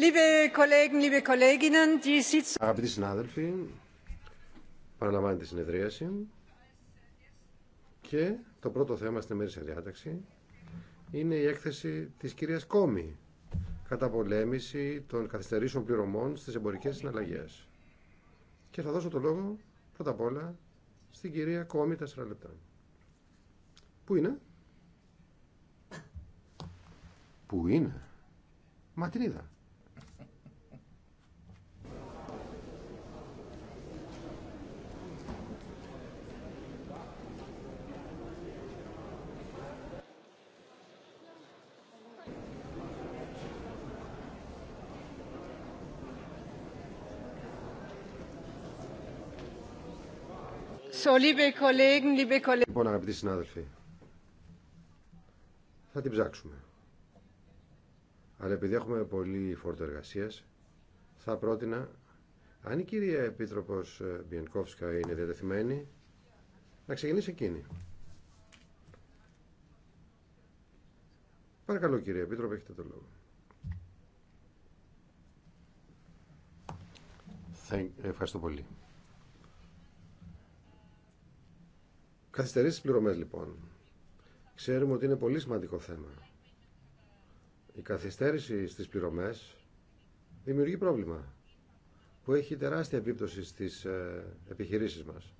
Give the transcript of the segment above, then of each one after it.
Liebe Αγαπητοί συνάδελφοι, παραλαμβάνει τη συνεδρίαση και το πρώτο θέμα στην μέρη σε διάταξη είναι η έκθεση της κυρίας Κόμη κατά πολέμηση των καθυστερήσεων πληρωμών στις εμπορικές συναλλαγές. Και θα δώσω το λόγο πρώτα απ' όλα στην κυρία Κόμη 4 λεπτά. Πού είναι? Πού είναι? Μα Λοιπόν, αγαπητοί συνάδελφοι, θα την ψάξουμε. Αλλά επειδή έχουμε πολύ φόρτο εργασία, θα πρότεινα, αν η κυρία Επίτροπο ε, Μπιενκόφσκα είναι διατεθειμένη, να ξεκινήσει εκείνη. Παρακαλώ, κυρία επίτροπο έχετε το λόγο. Ευχαριστώ πολύ. Καθυστερήσεις πληρωμές λοιπόν. Ξέρουμε ότι είναι πολύ σημαντικό θέμα. Η καθυστέρηση στις πληρωμές δημιουργεί πρόβλημα που έχει τεράστια επίπτωση στις ε, επιχειρήσεις μας.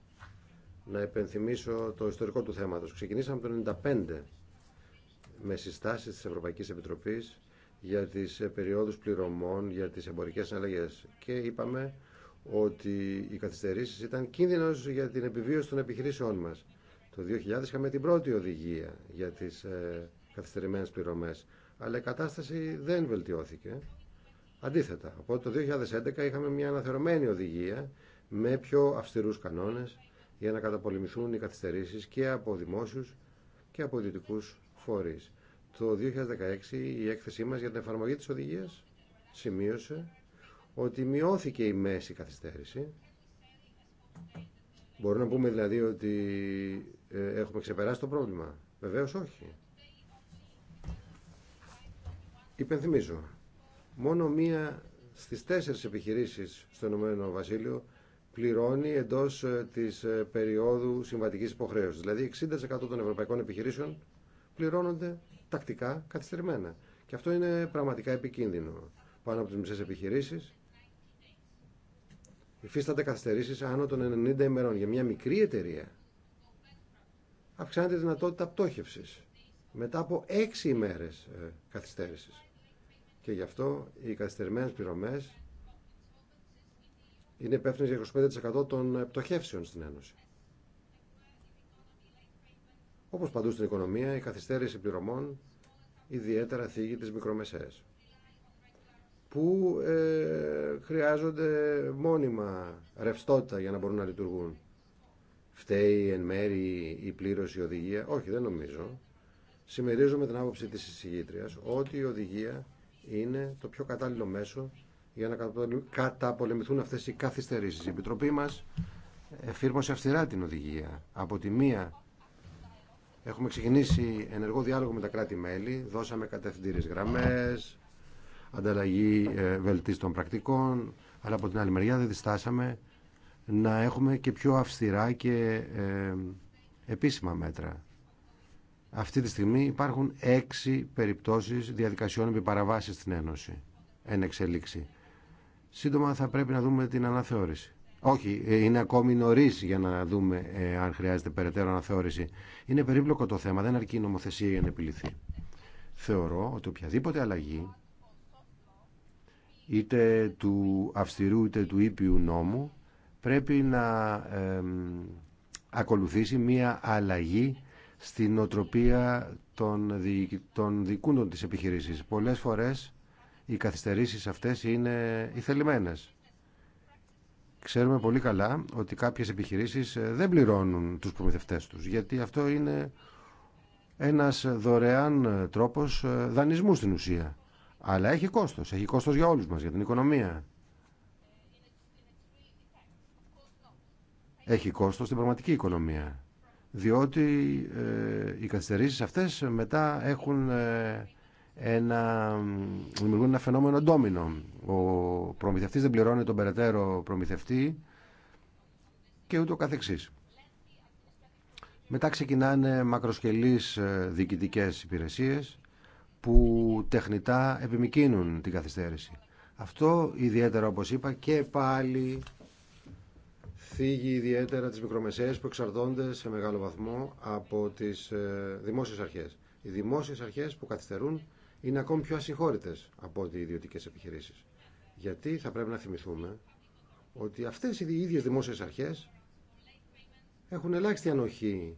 Να επενθυμίσω το ιστορικό του θέματος. Ξεκινήσαμε το 1995 με συστάσεις της Ευρωπαϊκής Επιτροπής για τις ε, περιόδους πληρωμών, για τις εμπορικές συναλλαγές και είπαμε ότι οι καθυστερήσεις ήταν κίνδυνος για την επιβίωση των επιχειρήσεών μας. Το 2000 είχαμε την πρώτη οδηγία για τις ε, καθυστερημένες πληρωμές, αλλά η κατάσταση δεν βελτιώθηκε. Αντίθετα, οπότε το 2011 είχαμε μια αναθερωμένη οδηγία με πιο αυστηρούς κανόνες για να καταπολεμηθούν οι καθυστερήσεις και από δημόσιους και από ιδιωτικούς φορείς. Το 2016 η έκθεσή μας για την εφαρμογή της οδηγίας σημείωσε ότι μειώθηκε η μέση καθυστέρηση. Μπορούμε να πούμε δηλαδή ότι ε, έχουμε ξεπεράσει το πρόβλημα. Βεβαίω όχι. Υπενθυμίζω, μόνο μία στις τέσσερις επιχειρήσεις στο Ηνωμένο Βασίλειο πληρώνει εντός ε, της ε, περίοδου συμβατικής υποχρέωσης. Δηλαδή 60% των ευρωπαϊκών επιχειρήσεων πληρώνονται τακτικά καθυστερημένα. Και αυτό είναι πραγματικά επικίνδυνο. Πάνω από τις μισές επιχειρήσεις υφίστανται καθυστερήσεις άνω των 90 ημερών για μια μικρή εταιρεία αυξάνεται η δυνατότητα πτώχευσης μετά από έξι ημέρες ε, καθυστέρησης. Και γι' αυτό οι καθυστερημένες πληρωμές είναι υπεύθυνε για 25% των ε, πτωχεύσεων στην Ένωση. Όπως παντού στην οικονομία, η καθυστέρηση πληρωμών ιδιαίτερα θίγει τι μικρομεσαίες που ε, χρειάζονται μόνιμα ρευστότητα για να μπορούν να λειτουργούν φταίει εν μέρη η πλήρωση οδηγία. Όχι, δεν νομίζω. Συμμερίζομαι την άποψη της εισηγήτριας ότι η οδηγία είναι το πιο κατάλληλο μέσο για να καταπολεμηθούν αυτές οι καθυστερήσεις. Η Επιτροπή μας εφήρμοσε αυστηρά την οδηγία. Από τη μία έχουμε ξεκινήσει ενεργό διάλογο με τα κράτη-μέλη, δώσαμε κατευθυντήρες γραμμές, ανταλλαγή ε, βελτίστων πρακτικών, αλλά από την άλλη μεριά δεν διστάσαμε να έχουμε και πιο αυστηρά και ε, επίσημα μέτρα. Αυτή τη στιγμή υπάρχουν έξι περιπτώσεις διαδικασιών επί παραβάσεις στην Ένωση. Εν εξελίξη. Σύντομα θα πρέπει να δούμε την αναθεώρηση. Όχι, ε, είναι ακόμη νωρί για να δούμε ε, αν χρειάζεται περαιτέρω αναθεώρηση. Είναι περίπλοκο το θέμα, δεν αρκεί η νομοθεσία για να επιληθεί. Θεωρώ ότι οποιαδήποτε αλλαγή είτε του αυστηρού είτε του ήπιου νόμου πρέπει να ακολουθήσει μία αλλαγή στην οτροπία των, διοικη, των επιχειρήση. της επιχειρήσης. Πολλές φορές οι καθυστερήσεις αυτές είναι ηθελημένες. Ξέρουμε πολύ καλά ότι κάποιες επιχειρήσεις ε, δεν πληρώνουν τους προμηθευτές τους, γιατί αυτό είναι ένας δωρεάν ε, τρόπος ε, δανεισμού στην ουσία. Αλλά έχει κόστος, έχει κόστος για όλους μας, για την οικονομία. έχει κόστος στην πραγματική οικονομία. Διότι ε, οι καθυστερήσεις αυτές μετά έχουν ε, ένα, δημιουργούν ένα φαινόμενο ντόμινο. Ο προμηθευτής δεν πληρώνει τον περαιτέρω προμηθευτή και ούτω καθεξής. Μετά ξεκινάνε μακροσκελείς ε, διοικητικές υπηρεσίες που τεχνητά επιμηκύνουν την καθυστέρηση. Αυτό ιδιαίτερα όπως είπα και πάλι θίγει ιδιαίτερα τις μικρομεσαίες που εξαρτώνται σε μεγάλο βαθμό από τις ε, δημόσιες αρχές. Οι δημόσιες αρχές που καθυστερούν είναι ακόμη πιο ασυγχώρητες από ότι οι ιδιωτικές επιχειρήσεις. Γιατί θα πρέπει να θυμηθούμε ότι αυτές οι ίδιες δημόσιες αρχές έχουν ελάχιστη ανοχή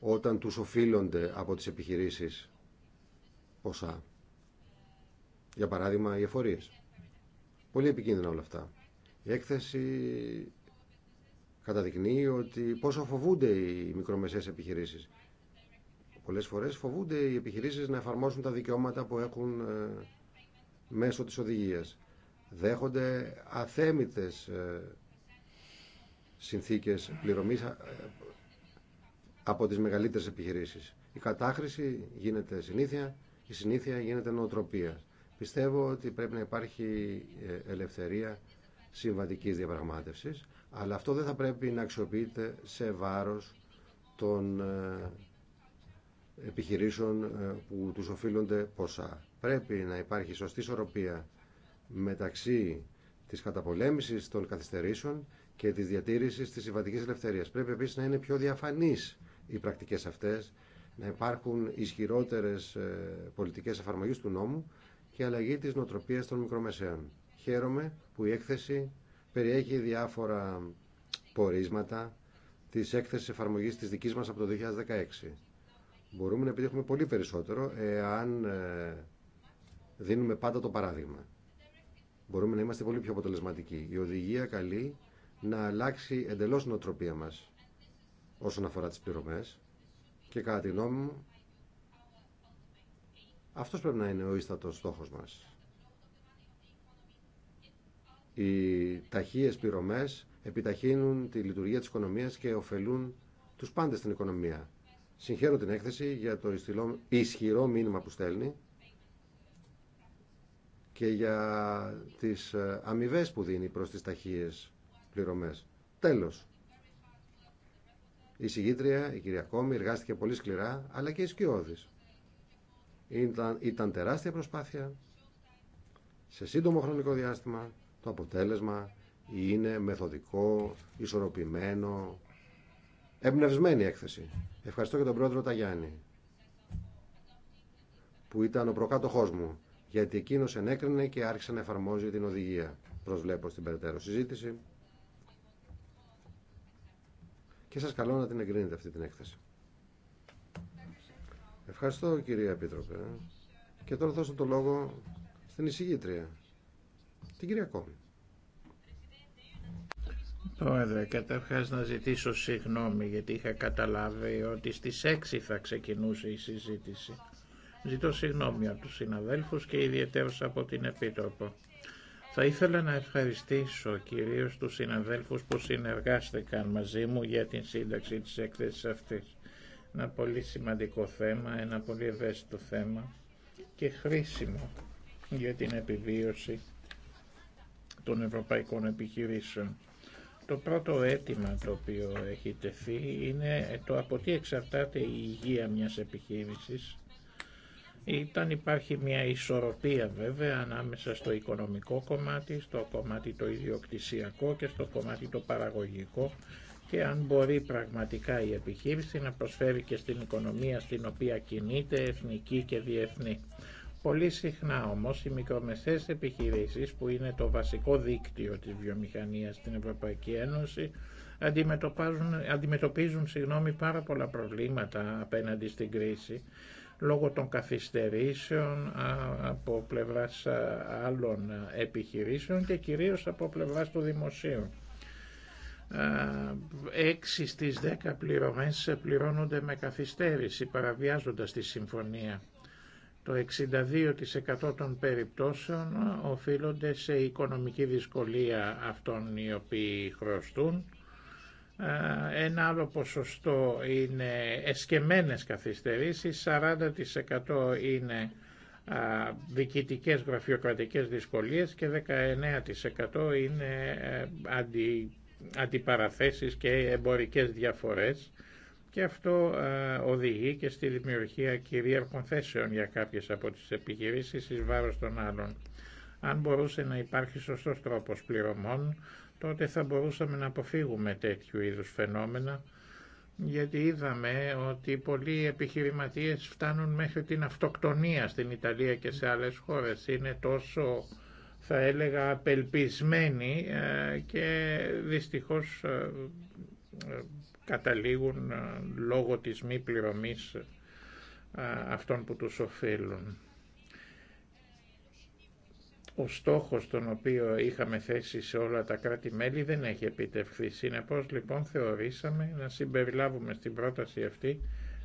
όταν τους οφείλονται από τις επιχειρήσεις ποσά. Για παράδειγμα, οι εφορίες. Πολύ επικίνδυνα όλα αυτά. Η έκθεση καταδεικνύει ότι πόσο φοβούνται οι μικρομεσαίες επιχειρήσεις. Πολλές φορές φοβούνται οι επιχειρήσεις να εφαρμόσουν τα δικαιώματα που έχουν ε, μέσω της οδηγίας. Δέχονται αθέμητες ε, συνθήκες πληρωμής ε, από τις μεγαλύτερες επιχειρήσεις. Η κατάχρηση γίνεται συνήθεια, η συνήθεια γίνεται νοοτροπία. Πιστεύω ότι πρέπει να υπάρχει ελευθερία συμβατικής διαπραγμάτευσης αλλά αυτό δεν θα πρέπει να αξιοποιείται σε βάρος των ε, επιχειρήσεων ε, που τους οφείλονται ποσά. Πρέπει να υπάρχει σωστή ισορροπία μεταξύ της καταπολέμησης των καθυστερήσεων και της διατήρησης της συμβατικής ελευθερίας. Πρέπει επίσης να είναι πιο διαφανείς οι πρακτικές αυτές, να υπάρχουν ισχυρότερες ε, πολιτικές εφαρμογής του νόμου και αλλαγή της νοοτροπίας των μικρομεσαίων. Χαίρομαι που η έκθεση περιέχει διάφορα πορίσματα της έκθεσης εφαρμογή της δικής μας από το 2016. Μπορούμε να επιτύχουμε πολύ περισσότερο εάν ε, δίνουμε πάντα το παράδειγμα. Μπορούμε να είμαστε πολύ πιο αποτελεσματικοί. Η οδηγία καλεί να αλλάξει εντελώς οτροπία μας όσον αφορά τις πληρωμέ. και κατά τη γνώμη μου αυτός πρέπει να είναι ο ίστατος στόχος μας. Οι ταχείες πληρωμές επιταχύνουν τη λειτουργία της οικονομίας και ωφελούν τους πάντες στην οικονομία. Συγχαίρω την έκθεση για το ισχυρό μήνυμα που στέλνει και για τις ε, αμοιβέ που δίνει προς τις ταχείες πληρωμές. Τέλος, η συγγήτρια, η κυρία Κόμη, εργάστηκε πολύ σκληρά, αλλά και η Ήταν, ήταν τεράστια προσπάθεια, σε σύντομο χρονικό διάστημα, το αποτέλεσμα είναι μεθοδικό, ισορροπημένο, εμπνευσμένη έκθεση. Ευχαριστώ και τον πρόεδρο Ταγιάννη, που ήταν ο προκάτοχός μου, γιατί εκείνος ενέκρινε και άρχισε να εφαρμόζει την οδηγία. Προσβλέπω στην περαιτέρω συζήτηση και σας καλώ να την εγκρίνετε αυτή την έκθεση. Ευχαριστώ κυρία Επίτροπε. Και τώρα θα δώσω το λόγο στην εισηγήτρια. Την κυρία Κόβλη. Πρόεδρε, καταρχά να ζητήσω συγγνώμη γιατί είχα καταλάβει ότι στις 6 θα ξεκινούσε η συζήτηση. Ζητώ συγγνώμη από τους συναδέλφους και ιδιαίτερως από την Επίτροπο. Θα ήθελα να ευχαριστήσω κυρίως τους συναδέλφους που συνεργάστηκαν μαζί μου για την σύνταξη της έκθεσης αυτής. Ένα πολύ σημαντικό θέμα, ένα πολύ ευαίσθητο θέμα και χρήσιμο για την επιβίωση των ευρωπαϊκών επιχειρήσεων. Το πρώτο αίτημα το οποίο έχει τεθεί είναι το από τι εξαρτάται η υγεία μιας επιχείρησης. Ήταν υπάρχει μια ισορροπία βέβαια ανάμεσα στο οικονομικό κομμάτι, στο κομμάτι το ιδιοκτησιακό και στο κομμάτι το παραγωγικό και αν μπορεί πραγματικά η επιχείρηση να προσφέρει και στην οικονομία στην οποία κινείται εθνική και διεθνή. Πολύ συχνά όμως οι μικρομεσαίες επιχειρήσεις που είναι το βασικό δίκτυο της βιομηχανίας στην Ευρωπαϊκή Ένωση αντιμετωπίζουν, συγγνώμη, πάρα πολλά προβλήματα απέναντι στην κρίση λόγω των καθυστερήσεων από πλευράς άλλων επιχειρήσεων και κυρίως από πλευράς του δημοσίου. Έξι στις δέκα πληρωμές πληρώνονται με καθυστέρηση παραβιάζοντας τη συμφωνία το 62% των περιπτώσεων οφείλονται σε οικονομική δυσκολία αυτών οι οποίοι χρωστούν. Ένα άλλο ποσοστό είναι εσκεμμένες καθυστερήσεις, 40% είναι διοικητικές γραφειοκρατικές δυσκολίες και 19% είναι ε, αντι, αντιπαραθέσεις και εμπορικές διαφορές και αυτό ε, οδηγεί και στη δημιουργία κυρίαρχων θέσεων για κάποιες από τις επιχειρήσεις εις βάρος των άλλων. Αν μπορούσε να υπάρχει σωστός τρόπος πληρωμών, τότε θα μπορούσαμε να αποφύγουμε τέτοιου είδους φαινόμενα, γιατί είδαμε ότι πολλοί επιχειρηματίες φτάνουν μέχρι την αυτοκτονία στην Ιταλία και σε άλλες χώρες. Είναι τόσο, θα έλεγα, απελπισμένοι ε, και δυστυχώς ε, καταλήγουν ε, λόγω της μη πληρωμής ε, αυτών που τους οφείλουν. Ο στόχος τον οποίο είχαμε θέσει σε όλα τα κράτη-μέλη δεν έχει επιτευχθεί. Συνεπώς λοιπόν θεωρήσαμε να συμπεριλάβουμε στην πρόταση αυτή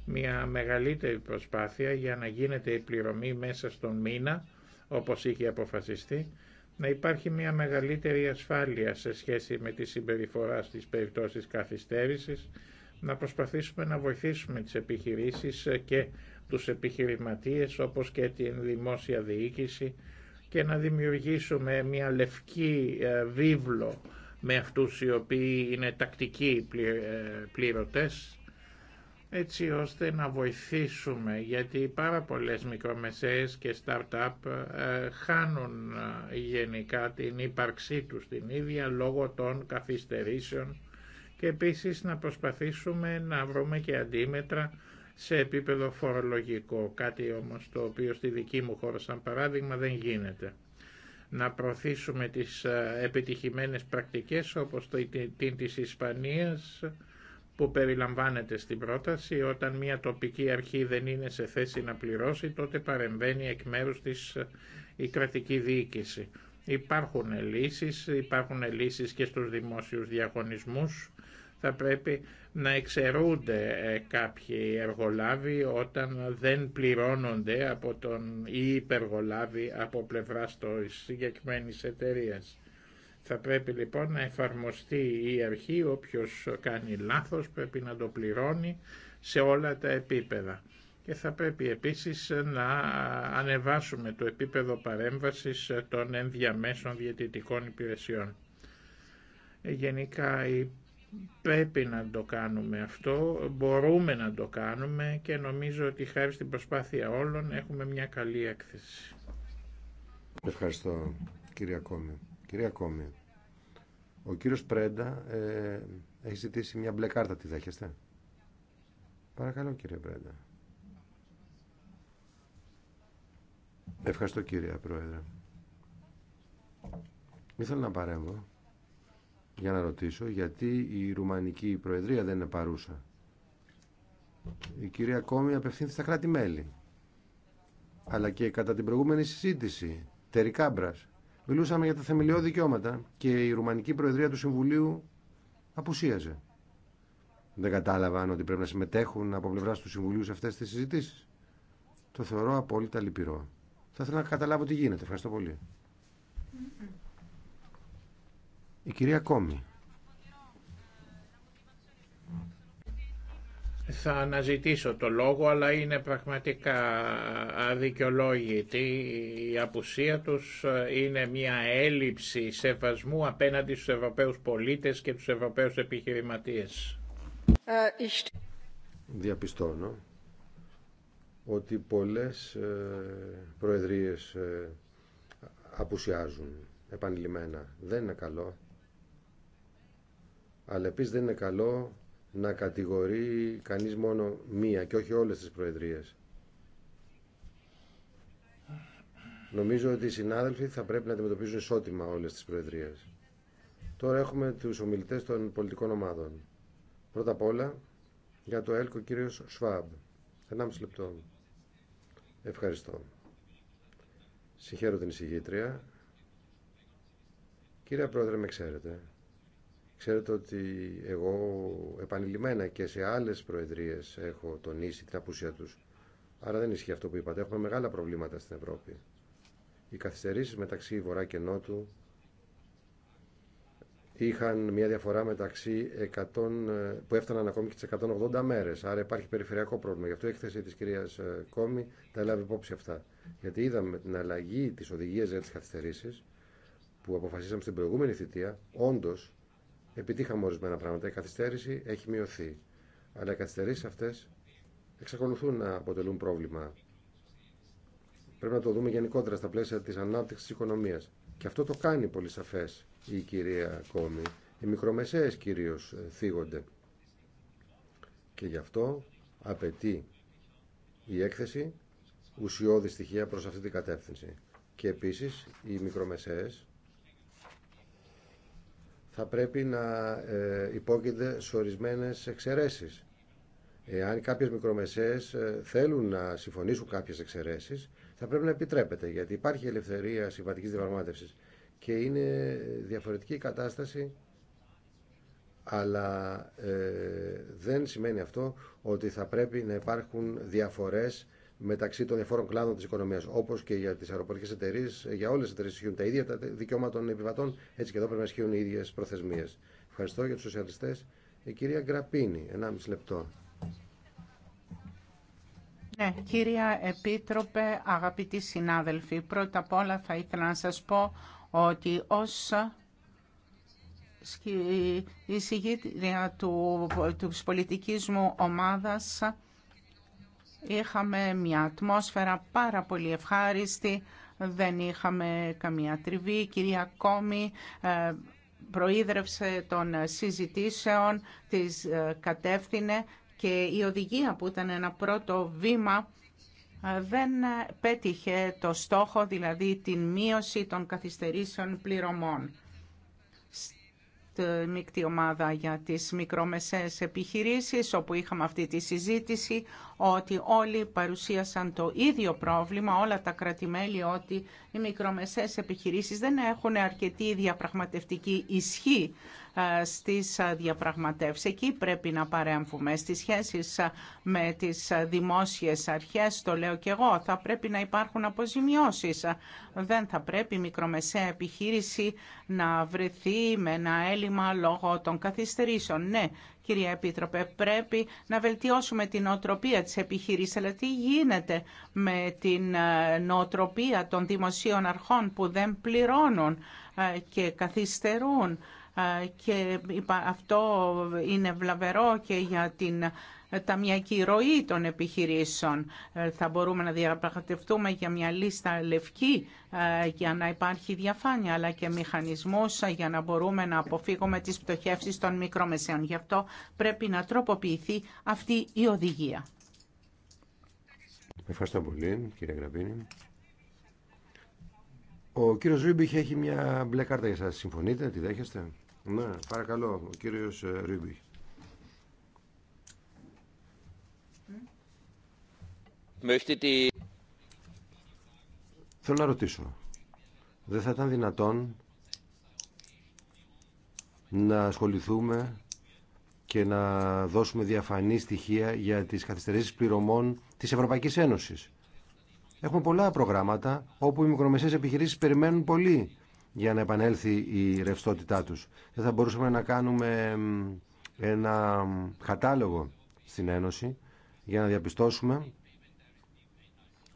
μια μεγαλύτερη προσπάθεια για να γίνεται η πληρωμή μέσα στον μήνα όπως είχε αποφασιστεί να υπάρχει μια μεγαλύτερη ασφάλεια σε σχέση με τη συμπεριφορά στις περιπτώσεις καθυστέρησης, να προσπαθήσουμε να βοηθήσουμε τις επιχειρήσεις και τους επιχειρηματίες όπως και την δημόσια διοίκηση και να δημιουργήσουμε μια λευκή ε, βίβλο με αυτούς οι οποίοι είναι τακτικοί ε, πληρωτές έτσι ώστε να βοηθήσουμε γιατί πάρα πολλές μικρομεσαίες και startup ε, χάνουν ε, γενικά την ύπαρξή τους την ίδια λόγω των καθυστερήσεων και επίσης να προσπαθήσουμε να βρούμε και αντίμετρα σε επίπεδο φορολογικό, κάτι όμως το οποίο στη δική μου χώρα σαν παράδειγμα δεν γίνεται. Να προωθήσουμε τις ε, επιτυχημένες πρακτικές όπως την της Ισπανίας, που περιλαμβάνεται στην πρόταση όταν μια τοπική αρχή δεν είναι σε θέση να πληρώσει τότε παρεμβαίνει εκ μέρους της ε, η κρατική διοίκηση. Υπάρχουν λύσεις, υπάρχουν λύσεις και στους δημόσιους διαγωνισμούς. Θα πρέπει να εξαιρούνται ε, κάποιοι εργολάβοι όταν δεν πληρώνονται από τον ή από πλευράς της συγκεκριμένη εταιρεία. Θα πρέπει λοιπόν να εφαρμοστεί η αρχή, όποιος κάνει λάθος πρέπει να το πληρώνει σε όλα τα επίπεδα. Και θα πρέπει επίσης να ανεβάσουμε το επίπεδο παρέμβασης των ενδιαμέσων διαιτητικών υπηρεσιών. Ε, γενικά πρέπει να το κάνουμε αυτό, μπορούμε να το κάνουμε και νομίζω ότι χάρη στην προσπάθεια όλων έχουμε μια καλή έκθεση. Ευχαριστώ κύριε Κυρία Κόμη, ο κύριος Πρέντα ε, έχει ζητήσει μια μπλε κάρτα, τη δέχεστε. Παρακαλώ κύριε Πρέντα. Ευχαριστώ κύριε Πρόεδρε. Ήθελα να παρέμβω για να ρωτήσω γιατί η Ρουμανική Προεδρία δεν είναι παρούσα. Η κυρία Κόμη απευθύνθηκε στα κράτη-μέλη. Αλλά και κατά την προηγούμενη συζήτηση, τερικάμπρας, Μιλούσαμε για τα θεμελιώδη δικαιώματα και η Ρουμανική Προεδρία του Συμβουλίου απουσίαζε. Δεν κατάλαβαν ότι πρέπει να συμμετέχουν από πλευρά του Συμβουλίου σε αυτέ τι συζητήσει. Το θεωρώ απόλυτα λυπηρό. Θα ήθελα να καταλάβω τι γίνεται. Ευχαριστώ πολύ. Η κυρία Κόμη. θα αναζητήσω το λόγο, αλλά είναι πραγματικά αδικαιολόγητη η απουσία τους. Είναι μια έλλειψη σεβασμού απέναντι στους Ευρωπαίους πολίτες και τους Ευρωπαίους επιχειρηματίες. Ε, Διαπιστώνω ότι πολλές ε, προεδρίες ε, απουσιάζουν επανειλημμένα. Δεν είναι καλό. Αλλά επίσης δεν είναι καλό να κατηγορεί κανείς μόνο μία και όχι όλες τις προεδρίες. Νομίζω ότι οι συνάδελφοι θα πρέπει να αντιμετωπίζουν ισότιμα όλες τις προεδρίες. Τώρα έχουμε τους ομιλητές των πολιτικών ομάδων. Πρώτα απ' όλα για το ΕΛΚΟ κύριος Σφάμπ. μισή λεπτό. Ευχαριστώ. Συγχαίρω την εισηγήτρια. Κύριε Πρόεδρε, με ξέρετε. Ξέρετε ότι εγώ επανειλημμένα και σε άλλες προεδρίες έχω τονίσει την απουσία τους. Άρα δεν ισχύει αυτό που είπατε. Έχουμε μεγάλα προβλήματα στην Ευρώπη. Οι καθυστερήσεις μεταξύ Βορρά και Νότου είχαν μια διαφορά μεταξύ 100, που έφταναν ακόμη και τις 180 μέρες. Άρα υπάρχει περιφερειακό πρόβλημα. Γι' αυτό η έκθεση της κυρίας ε, Κόμη τα έλαβε υπόψη αυτά. Γιατί είδαμε την αλλαγή της οδηγίας για τις καθυστερήσεις που αποφασίσαμε στην προηγούμενη θητεία, όντως επιτύχαμε ορισμένα πράγματα. Η καθυστέρηση έχει μειωθεί. Αλλά οι καθυστερήσει αυτέ εξακολουθούν να αποτελούν πρόβλημα. Πρέπει να το δούμε γενικότερα στα πλαίσια τη ανάπτυξη τη οικονομία. Και αυτό το κάνει πολύ σαφέ η κυρία Κόμη. Οι μικρομεσαίε κυρίω ε, θίγονται. Και γι' αυτό απαιτεί η έκθεση ουσιώδη στοιχεία προς αυτή την κατεύθυνση. Και επίσης οι μικρομεσαίες θα πρέπει να ε, υπόκειται σε ορισμένες εξαιρέσει. Εάν κάποιες μικρομεσαίες ε, θέλουν να συμφωνήσουν κάποιες εξαιρέσει, θα πρέπει να επιτρέπεται, γιατί υπάρχει ελευθερία συμβατικής διαπραγματεύση και είναι διαφορετική η κατάσταση, αλλά ε, δεν σημαίνει αυτό ότι θα πρέπει να υπάρχουν διαφορές μεταξύ των διαφόρων κλάδων τη οικονομία. Όπω και για τι αεροπορικέ εταιρείε, για όλε τι εταιρείε ισχύουν τα ίδια τα δικαιώματα των επιβατών, έτσι και εδώ πρέπει να ισχύουν οι ίδιε προθεσμίε. Ευχαριστώ για του σοσιαλιστέ. Η κυρία Γκραπίνη, 1,5 λεπτό. Ναι, κύρια Επίτροπε, αγαπητοί συνάδελφοι, πρώτα απ' όλα θα ήθελα να σας πω ότι ως η συγγήτρια του, του πολιτικής μου ομάδας Είχαμε μια ατμόσφαιρα πάρα πολύ ευχάριστη, δεν είχαμε καμία τριβή. Η κυρία Κόμη ε, προείδρευσε των συζητήσεων, τις ε, κατεύθυνε και η οδηγία που ήταν ένα πρώτο βήμα ε, δεν πέτυχε το στόχο, δηλαδή την μείωση των καθυστερήσεων πληρωμών τη μεικτή ομάδα για τις μικρομεσαίες επιχειρήσεις, όπου είχαμε αυτή τη συζήτηση, ότι όλοι παρουσίασαν το ίδιο πρόβλημα, όλα τα κρατημέλη, ότι οι μικρομεσαίες επιχειρήσεις δεν έχουν αρκετή διαπραγματευτική ισχύ ε, στις ε, διαπραγματεύσεις. Εκεί πρέπει να παρέμβουμε στις σχέσεις ε, με τις δημόσιες αρχές, το λέω και εγώ, θα πρέπει να υπάρχουν αποζημιώσεις. Δεν θα πρέπει η μικρομεσαία επιχείρηση να βρεθεί με ένα έλλειμμα λόγω των καθυστερήσεων. Ναι, Κυρία Επίτροπε, πρέπει να βελτιώσουμε την νοοτροπία της επιχείρησης, αλλά τι γίνεται με την νοοτροπία των δημοσίων αρχών που δεν πληρώνουν και καθυστερούν και αυτό είναι βλαβερό και για την ε, ταμιακή ροή των επιχειρήσεων. Ε, θα μπορούμε να διαπραγματευτούμε για μια λίστα λευκή ε, για να υπάρχει διαφάνεια, αλλά και μηχανισμός για να μπορούμε να αποφύγουμε τις πτωχεύσεις των μικρομεσαίων. Γι' αυτό πρέπει να τροποποιηθεί αυτή η οδηγία. Ευχαριστώ πολύ, κύριε Γραπίνη. Ο κύριος Ζούμπιχ έχει μια μπλε κάρτα για σας. Συμφωνείτε, τη δέχεστε. Ναι, παρακαλώ, ο κύριος ε, Ρίμπη. Θέλω να ρωτήσω. Δεν θα ήταν δυνατόν να ασχοληθούμε και να δώσουμε διαφανή στοιχεία για τις καθυστερήσεις πληρωμών της Ευρωπαϊκής Ένωσης. Έχουμε πολλά προγράμματα όπου οι μικρομεσαίες επιχειρήσεις περιμένουν πολύ για να επανέλθει η ρευστότητά τους. Δεν θα μπορούσαμε να κάνουμε ένα κατάλογο στην Ένωση για να διαπιστώσουμε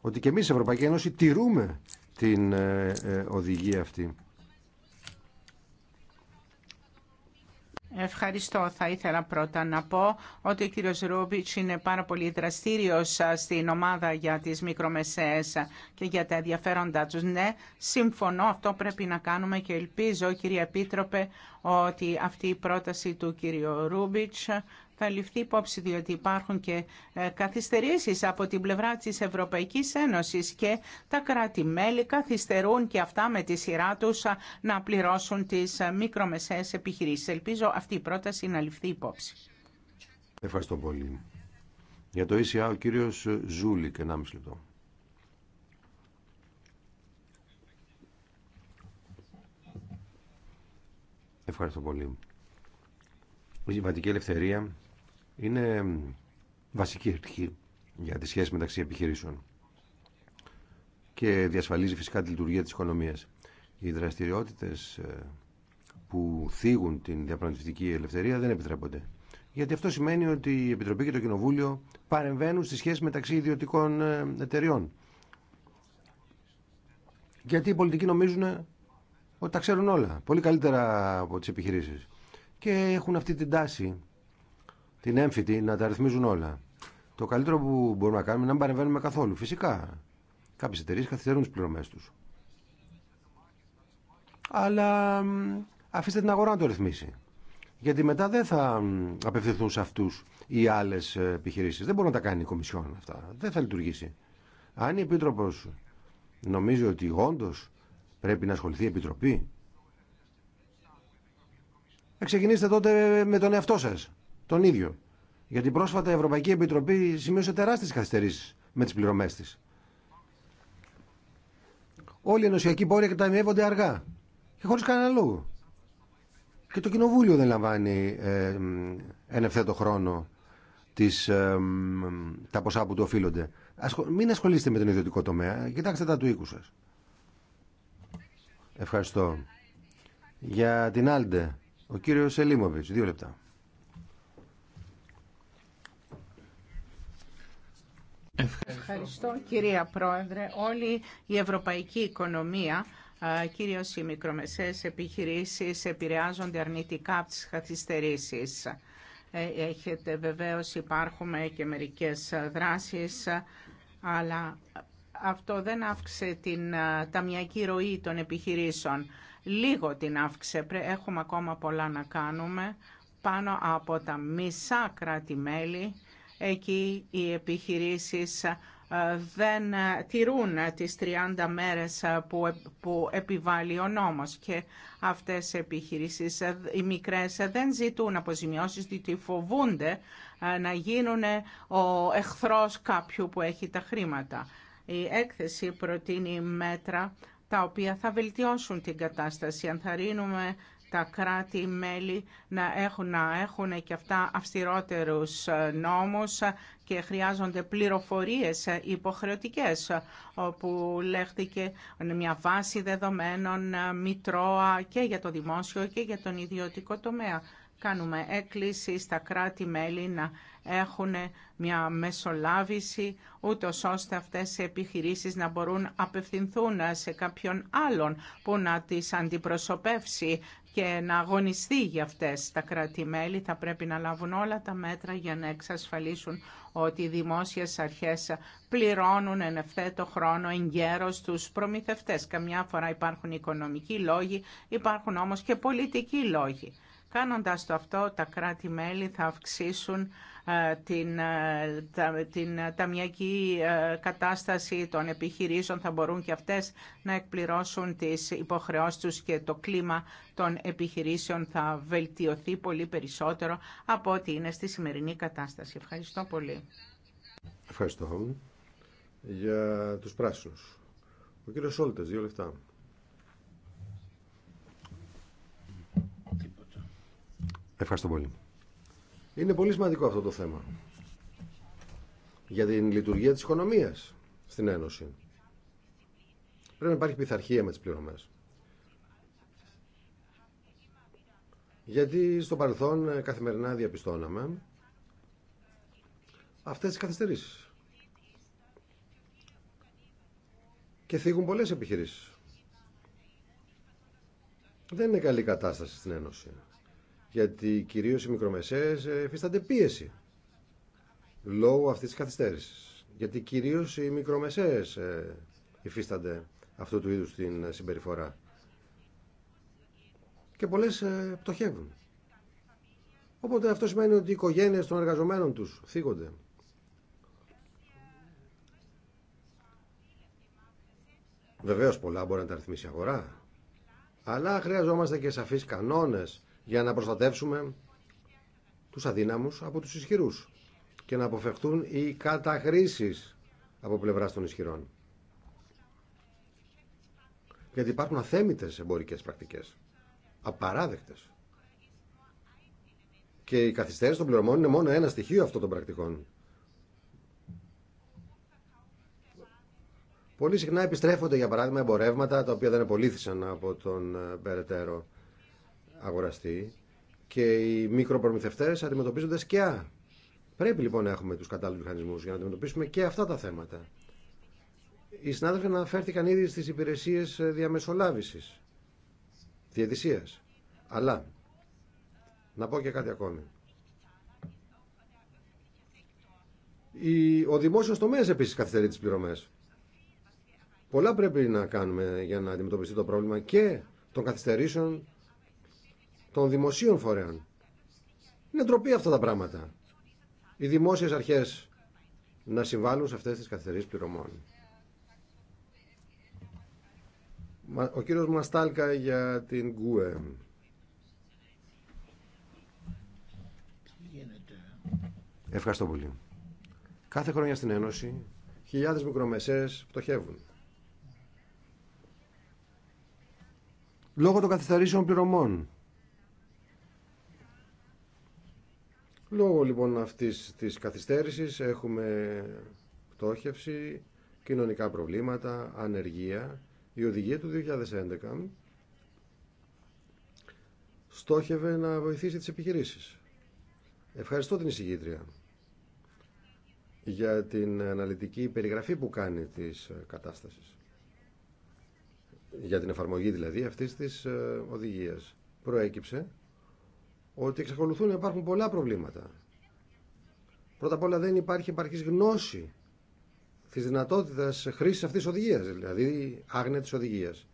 ότι και εμείς στην Ευρωπαϊκή Ένωση τηρούμε την ε, ε, οδηγία αυτή. Ευχαριστώ. Θα ήθελα πρώτα να πω ότι ο κύριος Ρούμπιτς είναι πάρα πολύ δραστήριος ε, στην ομάδα για τις μικρομεσαίες και για τα ενδιαφέροντά τους. Ναι, συμφωνώ, αυτό πρέπει να κάνουμε και ελπίζω, κύριε Επίτροπε, ότι αυτή η πρόταση του κύριου Ρούμπιτς θα ληφθεί υπόψη διότι υπάρχουν και ε, καθυστερήσεις από την πλευρά της Ευρωπαϊκής Ένωσης και τα κράτη-μέλη καθυστερούν και αυτά με τη σειρά τους ε, να πληρώσουν τις ε, μικρομεσαίες επιχειρήσεις. Ελπίζω αυτή η πρόταση να ληφθεί υπόψη. Ευχαριστώ πολύ. Για το ίσια ο κύριος και 1,5 λεπτό. Ευχαριστώ πολύ. Η ελευθερία είναι βασική αρχή για τη σχέση μεταξύ επιχειρήσεων και διασφαλίζει φυσικά τη λειτουργία της οικονομίας. Οι δραστηριότητες ε, που θίγουν την διαπραγματευτική ελευθερία δεν επιτρέπονται. Γιατί αυτό σημαίνει ότι η Επιτροπή και το Κοινοβούλιο παρεμβαίνουν στη σχέση μεταξύ ιδιωτικών ε, εταιριών. Γιατί οι πολιτικοί νομίζουν ε, ότι τα ξέρουν όλα. Πολύ καλύτερα από τις επιχειρήσεις. Και έχουν αυτή την τάση την έμφυτη να τα ρυθμίζουν όλα. Το καλύτερο που μπορούμε να κάνουμε είναι να μην παρεμβαίνουμε καθόλου. Φυσικά. Κάποιε εταιρείε καθυστερούν τι πληρωμέ του. Αλλά αφήστε την αγορά να το ρυθμίσει. Γιατί μετά δεν θα απευθυνθούν σε αυτού οι άλλε επιχειρήσει. Δεν μπορεί να τα κάνει η Κομισιόν αυτά. Δεν θα λειτουργήσει. Αν η Επίτροπο νομίζει ότι όντω πρέπει να ασχοληθεί η Επιτροπή, ε, ξεκινήστε τότε με τον εαυτό σας τον ίδιο. Γιατί πρόσφατα η Ευρωπαϊκή Επιτροπή σημείωσε τεράστιες καθυστερήσεις με τις πληρωμέ τη. Όλοι οι ενωσιακοί πόροι εκταμιεύονται αργά και χωρί κανένα λόγο. Και το Κοινοβούλιο δεν λαμβάνει ε, εν ευθέτω χρόνο ε, τα ποσά που του οφείλονται. Μην ασχολείστε με τον ιδιωτικό τομέα. Κοιτάξτε τα του οίκου σα. Ευχαριστώ. Για την Άλντε, ο κύριος Ελίμοβιτς, δύο λεπτά. Ευχαριστώ. κυρία Πρόεδρε. Όλη η ευρωπαϊκή οικονομία κυρίως οι μικρομεσαίες επιχειρήσεις επηρεάζονται αρνητικά από τις καθυστερήσεις. Ε, έχετε βεβαίως υπάρχουμε και μερικές δράσεις, αλλά αυτό δεν αύξησε την ταμιακή ροή των επιχειρήσεων. Λίγο την αύξησε, έχουμε ακόμα πολλά να κάνουμε. Πάνω από τα μισά κράτη-μέλη Εκεί οι επιχειρήσεις ε, δεν ε, τηρούν τις 30 μέρες ε, που επιβάλλει ο νόμος και αυτές οι επιχειρήσεις, οι μικρές, δεν ζητούν αποζημιώσεις διότι φοβούνται να γίνουν ο εχθρός κάποιου που έχει τα χρήματα. Η έκθεση προτείνει μέτρα τα οποία θα βελτιώσουν την κατάσταση. Αν τα κράτη-μέλη να έχουν, να έχουν και αυτά αυστηρότερους ε, νόμους και χρειάζονται πληροφορίες ε, υποχρεωτικές ε, όπου λέχθηκε μια βάση δεδομένων μητρώα και για το δημόσιο και για τον ιδιωτικό τομέα κάνουμε έκκληση στα κράτη-μέλη να έχουν μια μεσολάβηση, ούτω ώστε αυτές οι επιχειρήσεις να μπορούν να απευθυνθούν σε κάποιον άλλον που να τις αντιπροσωπεύσει και να αγωνιστεί για αυτές. Τα κράτη-μέλη θα πρέπει να λάβουν όλα τα μέτρα για να εξασφαλίσουν ότι οι δημόσιες αρχές πληρώνουν εν ευθέτω χρόνο γέρος τους προμηθευτές. Καμιά φορά υπάρχουν οικονομικοί λόγοι, υπάρχουν όμως και πολιτικοί λόγοι. Κάνοντας το αυτό, τα κράτη-μέλη θα αυξήσουν ε, την, ε, τα, την ταμιακή ε, κατάσταση των επιχειρήσεων. Θα μπορούν και αυτές να εκπληρώσουν τις υποχρεώσεις τους και το κλίμα των επιχειρήσεων θα βελτιωθεί πολύ περισσότερο από ό,τι είναι στη σημερινή κατάσταση. Ευχαριστώ πολύ. Ευχαριστώ για τους πράσινους. Ο κύριος Σόλτες, δύο λεφτά. Ευχαριστώ πολύ. Είναι πολύ σημαντικό αυτό το θέμα για την λειτουργία της οικονομίας στην Ένωση. Πρέπει να υπάρχει πειθαρχία με τις πληρωμές. Γιατί στο παρελθόν ε, καθημερινά διαπιστώναμε αυτές τις καθυστερήσεις. Και θίγουν πολλές επιχειρήσεις. Δεν είναι καλή κατάσταση στην Ένωση γιατί κυρίως οι μικρομεσαίες εφίστανται πίεση λόγω αυτής της καθυστέρησης. Γιατί κυρίως οι μικρομεσαίες ε, υφίστανται αυτού του είδους την ε, συμπεριφορά. Και πολλές ε, πτωχεύουν. Οπότε αυτό σημαίνει ότι οι οικογένειες των εργαζομένων τους θίγονται. Βεβαίως πολλά μπορεί να τα ρυθμίσει η αγορά. Αλλά χρειαζόμαστε και σαφείς κανόνες για να προστατεύσουμε τους αδύναμους από τους ισχυρούς και να αποφευχθούν οι καταχρήσεις από πλευρά των ισχυρών. Γιατί υπάρχουν αθέμητες εμπορικές πρακτικές, απαράδεκτες. Και η καθυστέρηση των πληρωμών είναι μόνο ένα στοιχείο αυτών των πρακτικών. Πολύ συχνά επιστρέφονται για παράδειγμα εμπορεύματα τα οποία δεν επολύθησαν από τον ε, περαιτέρω αγοραστή και οι μικροπρομηθευτές αντιμετωπίζονται σκιά. Πρέπει λοιπόν να έχουμε τους κατάλληλους μηχανισμούς για να αντιμετωπίσουμε και αυτά τα θέματα. Οι συνάδελφοι αναφέρθηκαν ήδη στις υπηρεσίες ε, διαμεσολάβησης, διαιτησίας. Αλλά, να πω και κάτι ακόμη. Ο δημόσιο τομέα επίση καθυστερεί τι πληρωμέ. Πολλά πρέπει να κάνουμε για να αντιμετωπιστεί το πρόβλημα και των καθυστερήσεων των δημοσίων φορέων. Είναι ντροπή αυτά τα πράγματα. Οι δημόσιες αρχές να συμβάλλουν σε αυτές τις καθυστερείς πληρωμών. Ο κύριος Μαστάλκα για την ΚΟΕ. Ευχαριστώ πολύ. Κάθε χρονιά στην Ένωση χιλιάδες μικρομεσαίες πτωχεύουν. Λόγω των καθυστερήσεων πληρωμών Λόγω λοιπόν αυτής της καθυστέρησης έχουμε πτώχευση, κοινωνικά προβλήματα, ανεργία. Η οδηγία του 2011 στόχευε να βοηθήσει τις επιχειρήσεις. Ευχαριστώ την εισηγήτρια για την αναλυτική περιγραφή που κάνει της κατάστασης. Για την εφαρμογή δηλαδή αυτής της ε, οδηγίας. Προέκυψε ότι εξακολουθούν να υπάρχουν πολλά προβλήματα. Πρώτα απ' όλα δεν υπάρχει επαρκής γνώση της δυνατότητας χρήσης αυτής της οδηγίας, δηλαδή άγνοια της οδηγίας.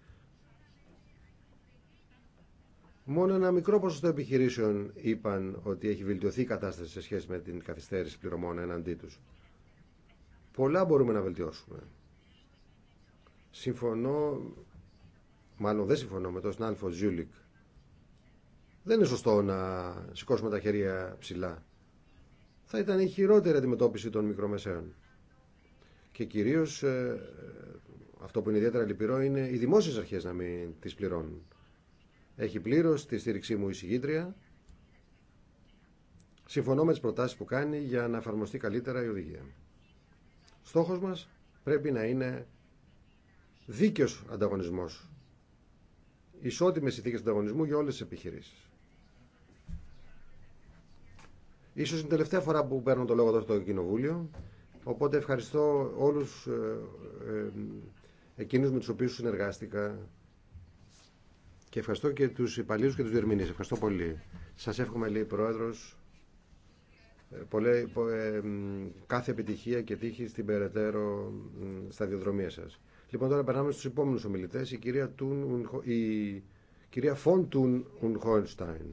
Μόνο ένα μικρό ποσοστό επιχειρήσεων είπαν ότι έχει βελτιωθεί η κατάσταση σε σχέση με την καθυστέρηση πληρωμών εναντί του. Πολλά μπορούμε να βελτιώσουμε. Συμφωνώ, μάλλον δεν συμφωνώ με τον συνάδελφο Ζιούλικ, δεν είναι σωστό να σηκώσουμε τα χέρια ψηλά. Θα ήταν η χειρότερη αντιμετώπιση των μικρομεσαίων. Και κυρίως ε, αυτό που είναι ιδιαίτερα λυπηρό είναι οι δημόσιες αρχές να μην τι πληρώνουν. Έχει πλήρω τη στήριξή μου η συγγήτρια. Συμφωνώ με τι προτάσεις που κάνει για να εφαρμοστεί καλύτερα η οδηγία. Στόχο μα πρέπει να είναι δίκαιο ανταγωνισμός. Ισότιμες συνθήκε ανταγωνισμού για όλε τις επιχειρήσεις. Ίσως είναι η τελευταία φορά που παίρνω το λόγο εδώ στο Κοινοβούλιο. Οπότε ευχαριστώ όλους ε, ε, εκείνους με τους οποίους συνεργάστηκα και ευχαριστώ και τους υπαλλήλους και τους διερμηνείς. Ευχαριστώ πολύ. Σας εύχομαι, λέει Πρόεδρος, ε, πολλή, κάθε επιτυχία και τύχη στην περαιτέρω σταδιοδρομία σας. Λοιπόν, τώρα περνάμε στου επόμενους ομιλητές, η κυρία, Τουν, η Φόντουν Ουνχόλστάιν.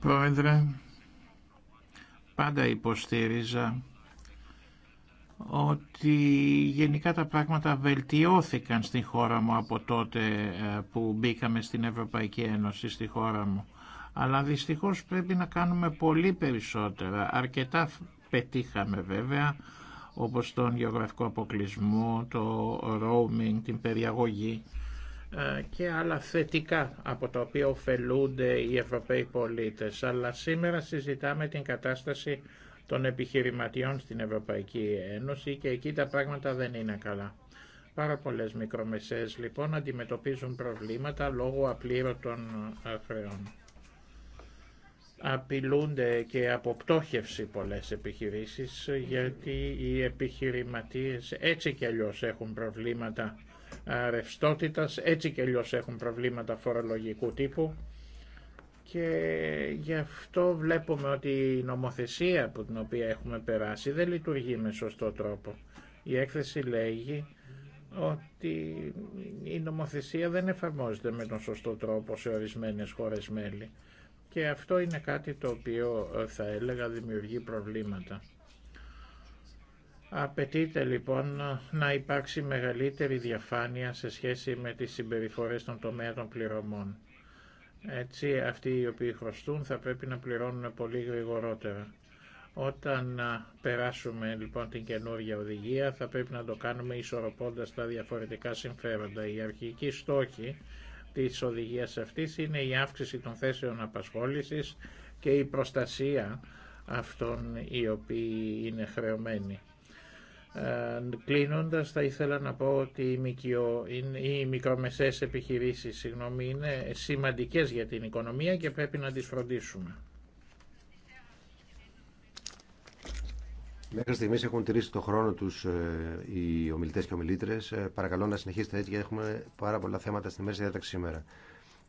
Πρόεδρε, πάντα υποστήριζα ότι γενικά τα πράγματα βελτιώθηκαν στη χώρα μου από τότε ε, που μπήκαμε στην Ευρωπαϊκή Ένωση στη χώρα μου. Αλλά δυστυχώς πρέπει να κάνουμε πολύ περισσότερα. Αρκετά πετύχαμε βέβαια, όπως τον γεωγραφικό αποκλεισμό, το roaming, την περιαγωγή. Ε, και άλλα θετικά από τα οποία ωφελούνται οι Ευρωπαίοι πολίτες. Αλλά σήμερα συζητάμε την κατάσταση των επιχειρηματιών στην Ευρωπαϊκή Ένωση και εκεί τα πράγματα δεν είναι καλά. Πάρα πολλέ μικρομεσαίες λοιπόν αντιμετωπίζουν προβλήματα λόγω απλήρωτων ε, χρεών. Απειλούνται και από πτώχευση πολλές επιχειρήσεις γιατί οι επιχειρηματίες έτσι κι αλλιώς έχουν προβλήματα ρευστότητας, έτσι και αλλιώς έχουν προβλήματα φορολογικού τύπου και γι' αυτό βλέπουμε ότι η νομοθεσία από την οποία έχουμε περάσει δεν λειτουργεί με σωστό τρόπο. Η έκθεση λέγει ότι η νομοθεσία δεν εφαρμόζεται με τον σωστό τρόπο σε ορισμένες χώρες μέλη και αυτό είναι κάτι το οποίο ε, θα έλεγα δημιουργεί προβλήματα. Απαιτείται λοιπόν να υπάρξει μεγαλύτερη διαφάνεια σε σχέση με τις συμπεριφορές των τομέα των πληρωμών. Έτσι αυτοί οι οποίοι χρωστούν θα πρέπει να πληρώνουν πολύ γρηγορότερα. Όταν περάσουμε λοιπόν την καινούργια οδηγία θα πρέπει να το κάνουμε ισορροπώντας τα διαφορετικά συμφέροντα. Η αρχική στόχη της οδηγίας αυτής είναι η αύξηση των θέσεων απασχόλησης και η προστασία αυτών οι οποίοι είναι χρεωμένοι. Κλείνοντα, θα ήθελα να πω ότι οι, μικιο, οι μικρομεσαίες επιχειρήσεις είναι σημαντικές για την οικονομία και πρέπει να τις φροντίσουμε. Μέχρι στιγμή έχουν τηρήσει το χρόνο τους ε, οι ομιλητέ και ομιλήτρες. Ε, παρακαλώ να συνεχίσετε έτσι γιατί έχουμε πάρα πολλά θέματα στη μέση διάταξη σήμερα.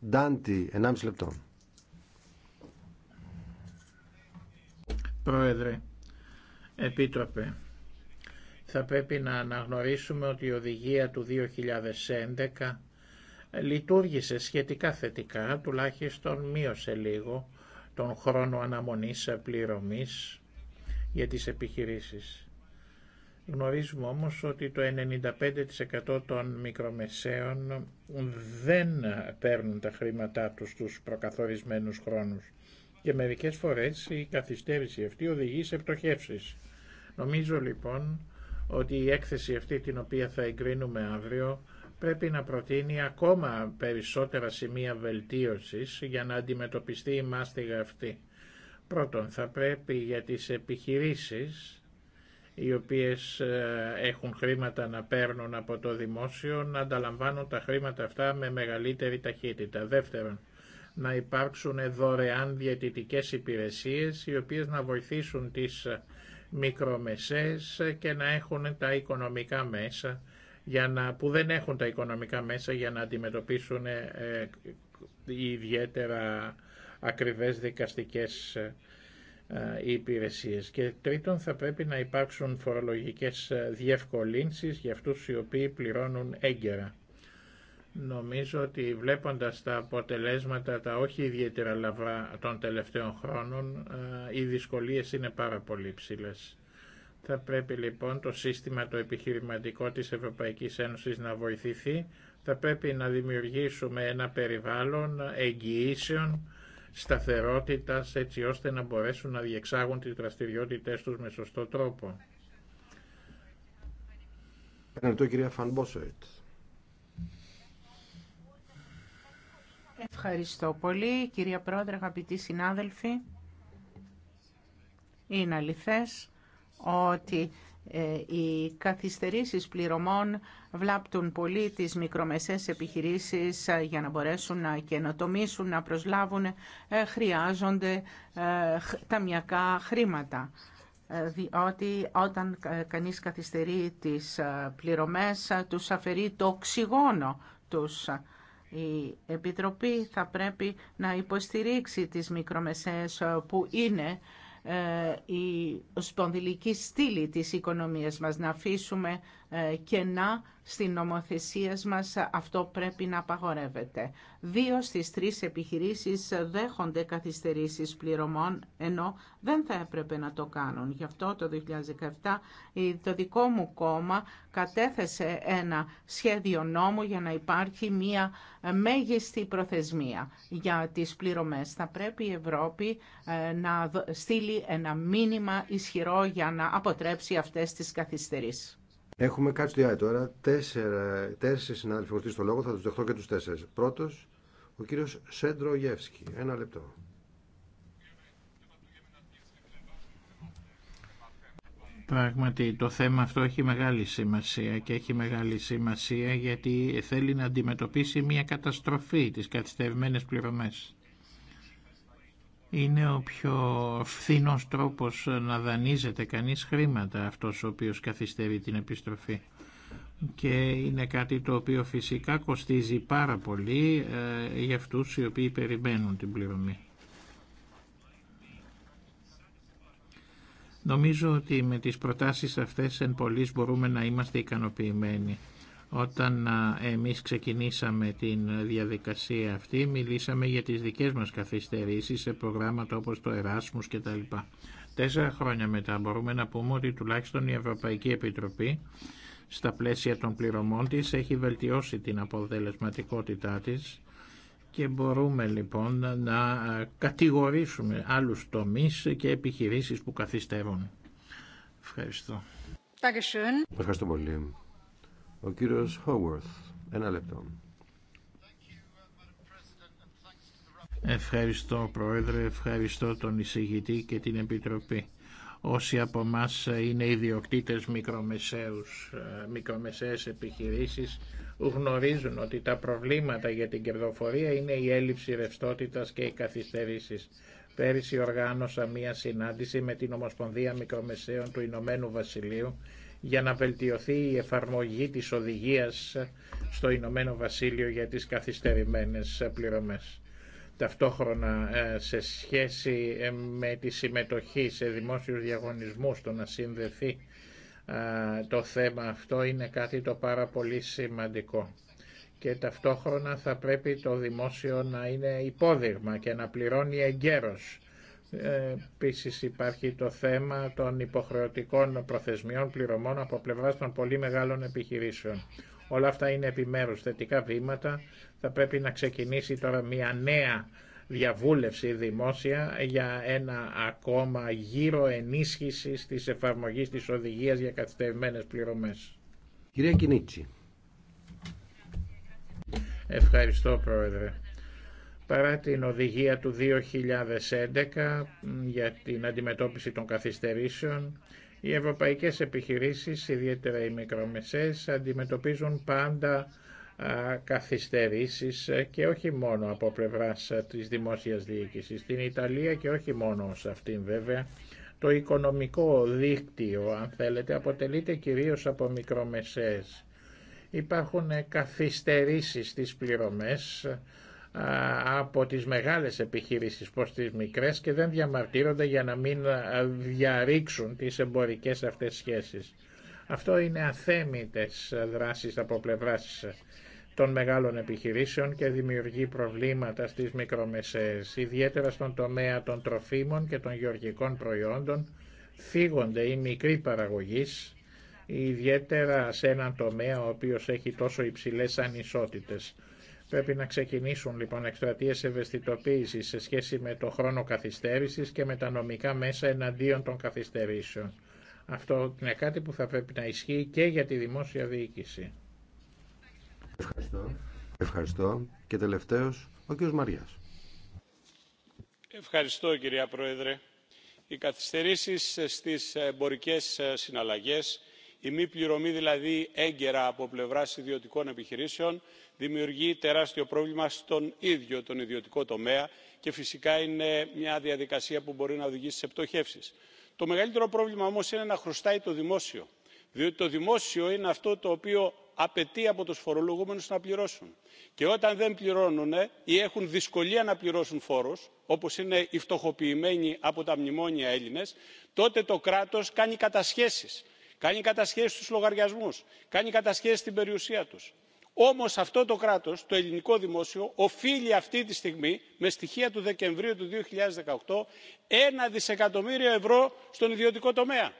Ντάντι, 1,5 λεπτό. Πρόεδρε, Επίτροπε, θα πρέπει να αναγνωρίσουμε ότι η οδηγία του 2011 λειτουργήσε σχετικά θετικά, τουλάχιστον μείωσε λίγο τον χρόνο αναμονής πληρωμής για τις επιχειρήσεις. Γνωρίζουμε όμως ότι το 95% των μικρομεσαίων δεν παίρνουν τα χρήματά τους στους προκαθορισμένους χρόνους και μερικές φορές η καθυστέρηση αυτή οδηγεί σε πτωχεύσεις. Νομίζω λοιπόν ότι η έκθεση αυτή την οποία θα εγκρίνουμε αύριο πρέπει να προτείνει ακόμα περισσότερα σημεία βελτίωσης για να αντιμετωπιστεί η μάστιγα αυτή. Πρώτον, θα πρέπει για τις επιχειρήσεις οι οποίες ε, έχουν χρήματα να παίρνουν από το δημόσιο να ανταλαμβάνουν τα χρήματα αυτά με μεγαλύτερη ταχύτητα. Δεύτερον, να υπάρξουν δωρεάν διαιτητικές υπηρεσίες οι οποίες να βοηθήσουν τις ε, μικρομεσές και να έχουν τα οικονομικά μέσα για να, που δεν έχουν τα οικονομικά μέσα για να αντιμετωπίσουν ε, ε ιδιαίτερα ακριβές δικαστικές ε, υπηρεσίες. Και τρίτον θα πρέπει να υπάρξουν φορολογικές ε, διευκολύνσεις για αυτούς οι οποίοι πληρώνουν έγκαιρα. Νομίζω ότι βλέποντας τα αποτελέσματα, τα όχι ιδιαίτερα λαβρά των τελευταίων χρόνων, ε, οι δυσκολίες είναι πάρα πολύ ψηλές. Θα πρέπει λοιπόν το σύστημα το επιχειρηματικό της Ευρωπαϊκής Ένωσης να βοηθηθεί. Θα πρέπει να δημιουργήσουμε ένα περιβάλλον εγγυήσεων, σταθερότητας έτσι ώστε να μπορέσουν να διεξάγουν τις δραστηριότητές τους με σωστό τρόπο. Ευχαριστώ πολύ, κυρία Πρόεδρε, αγαπητοί συνάδελφοι. Είναι αληθές ότι ε, οι καθυστερήσεις πληρωμών βλάπτουν πολύ τις μικρομεσαίες επιχειρήσεις ε, για να μπορέσουν να καινοτομήσουν, να προσλάβουν, ε, χρειάζονται ταμιακά χρήματα. Διότι όταν κανείς καθυστερεί τις πληρωμές, τους αφαιρεί το οξυγόνο τους η Επιτροπή θα πρέπει να υποστηρίξει τις μικρομεσαίες που είναι ε, η σπονδυλική στήλη της οικονομίας μας, να αφήσουμε ε, και να στην νομοθεσία μας αυτό πρέπει να απαγορεύεται. Δύο στις τρεις επιχειρήσεις δέχονται καθυστερήσεις πληρωμών, ενώ δεν θα έπρεπε να το κάνουν. Γι' αυτό το 2017 το δικό μου κόμμα κατέθεσε ένα σχέδιο νόμου για να υπάρχει μία μέγιστη προθεσμία για τις πληρωμές. Θα πρέπει η Ευρώπη ε, να στείλει ένα μήνυμα ισχυρό για να αποτρέψει αυτές τις καθυστερήσεις. Έχουμε κάτι στο τώρα. τέσσερι τέσσερις συνάδελφοι χωρίς το λόγο. Θα τους δεχτώ και τους τέσσερις. Πρώτος, ο κύριος Σέντρο Γεύσκη. Ένα λεπτό. Πράγματι το θέμα αυτό έχει μεγάλη σημασία και έχει μεγάλη σημασία γιατί θέλει να αντιμετωπίσει μια καταστροφή της καθυστερημένες πληρωμές είναι ο πιο φθηνός τρόπος να δανείζεται κανείς χρήματα αυτός ο οποίος καθυστερεί την επιστροφή και είναι κάτι το οποίο φυσικά κοστίζει πάρα πολύ ε, για αυτούς οι οποίοι περιμένουν την πληρωμή. Νομίζω ότι με τις προτάσεις αυτές εν πολλής μπορούμε να είμαστε ικανοποιημένοι. Όταν εμείς ξεκινήσαμε την διαδικασία αυτή, μιλήσαμε για τις δικές μας καθυστερήσεις σε προγράμματα όπως το Εράσμους κτλ. Τέσσερα χρόνια μετά μπορούμε να πούμε ότι τουλάχιστον η Ευρωπαϊκή Επιτροπή στα πλαίσια των πληρωμών της έχει βελτιώσει την αποδελεσματικότητά της και μπορούμε λοιπόν να κατηγορήσουμε άλλους τομείς και επιχειρήσεις που καθυστερούν. Ευχαριστώ. Ευχαριστώ πολύ. Ο κύριος Χόουαρθ. Ένα λεπτό. Ευχαριστώ Πρόεδρε, ευχαριστώ τον εισηγητή και την Επιτροπή. Όσοι από εμά είναι ιδιοκτήτες μικρομεσαίους, ε, μικρομεσαίες επιχειρήσεις γνωρίζουν ότι τα προβλήματα για την κερδοφορία είναι η έλλειψη ρευστότητας και οι καθυστερήσεις. Πέρυσι οργάνωσα μία συνάντηση με την Ομοσπονδία Μικρομεσαίων του Ηνωμένου Βασιλείου για να βελτιωθεί η εφαρμογή της οδηγίας στο Ηνωμένο Βασίλειο για τις καθυστερημένες πληρωμές. Ταυτόχρονα ε, σε σχέση ε, με τη συμμετοχή σε δημόσιους διαγωνισμούς το να συνδεθεί ε, το θέμα αυτό είναι κάτι το πάρα πολύ σημαντικό και ταυτόχρονα θα πρέπει το δημόσιο να είναι υπόδειγμα και να πληρώνει εγκαίρως Επίση υπάρχει το θέμα των υποχρεωτικών προθεσμιών πληρωμών από πλευρά των πολύ μεγάλων επιχειρήσεων. Όλα αυτά είναι επιμέρους θετικά βήματα. Θα πρέπει να ξεκινήσει τώρα μια νέα διαβούλευση δημόσια για ένα ακόμα γύρο ενίσχυσης της εφαρμογής της οδηγίας για καθυστερημένες πληρωμές. Κυρία Κινίτσι. Ευχαριστώ Πρόεδρε παρά την οδηγία του 2011 για την αντιμετώπιση των καθυστερήσεων, οι ευρωπαϊκές επιχειρήσεις, ιδιαίτερα οι μικρομεσές, αντιμετωπίζουν πάντα καθυστερήσεις ε, και όχι μόνο από πλευράς ε, της δημόσιας διοίκησης. Στην Ιταλία και όχι μόνο σε αυτήν βέβαια, το οικονομικό δίκτυο, αν θέλετε, αποτελείται κυρίως από μικρομεσές. Υπάρχουν ε, καθυστερήσεις στις πληρωμές, από τις μεγάλες επιχειρήσεις προς τις μικρές και δεν διαμαρτύρονται για να μην διαρρήξουν τις εμπορικές αυτές σχέσεις. Αυτό είναι αθέμητες δράσεις από πλευράς των μεγάλων επιχειρήσεων και δημιουργεί προβλήματα στις μικρομεσαίες, ιδιαίτερα στον τομέα των τροφίμων και των γεωργικών προϊόντων, φύγονται οι μικροί παραγωγείς, ιδιαίτερα σε έναν τομέα ο οποίος έχει τόσο υψηλές ανισότητες. Πρέπει να ξεκινήσουν λοιπόν εκστρατείε ευαισθητοποίηση σε σχέση με το χρόνο καθυστέρηση και με τα νομικά μέσα εναντίον των καθυστερήσεων. Αυτό είναι κάτι που θα πρέπει να ισχύει και για τη δημόσια διοίκηση. Ευχαριστώ. Ευχαριστώ. Και τελευταίος, ο κ. Μαριάς. Ευχαριστώ, κυρία Πρόεδρε. Οι καθυστερήσει στι εμπορικέ συναλλαγέ η μη πληρωμή δηλαδή έγκαιρα από πλευράς ιδιωτικών επιχειρήσεων δημιουργεί τεράστιο πρόβλημα στον ίδιο τον ιδιωτικό τομέα και φυσικά είναι μια διαδικασία που μπορεί να οδηγήσει σε πτωχεύσεις. το μεγαλύτερο πρόβλημα όμως είναι να χρωστάει το δημόσιο διότι το δημόσιο είναι αυτό το οποίο απαιτεί από τους φορολογούμενους να πληρώσουν και όταν δεν πληρώνουν ή έχουν δυσκολία να πληρώσουν φόρους όπως είναι οι φτωχοποιημένοι από τα μνημόνια έλληνες τότε το κράτος κάνει κατασχέσεις κάνει κατασχέσεις στους λογαριασμούς κάνει κατασχέσεις στην περιουσία τους. όμως αυτό το κράτος το ελληνικό δημόσιο οφείλει αυτή τη στιγμή με στοιχεία του δεκεμβρίου του 2018, χιλιάδες ένα δισεκατομμύριο ευρώ στον ιδιωτικό τομέα.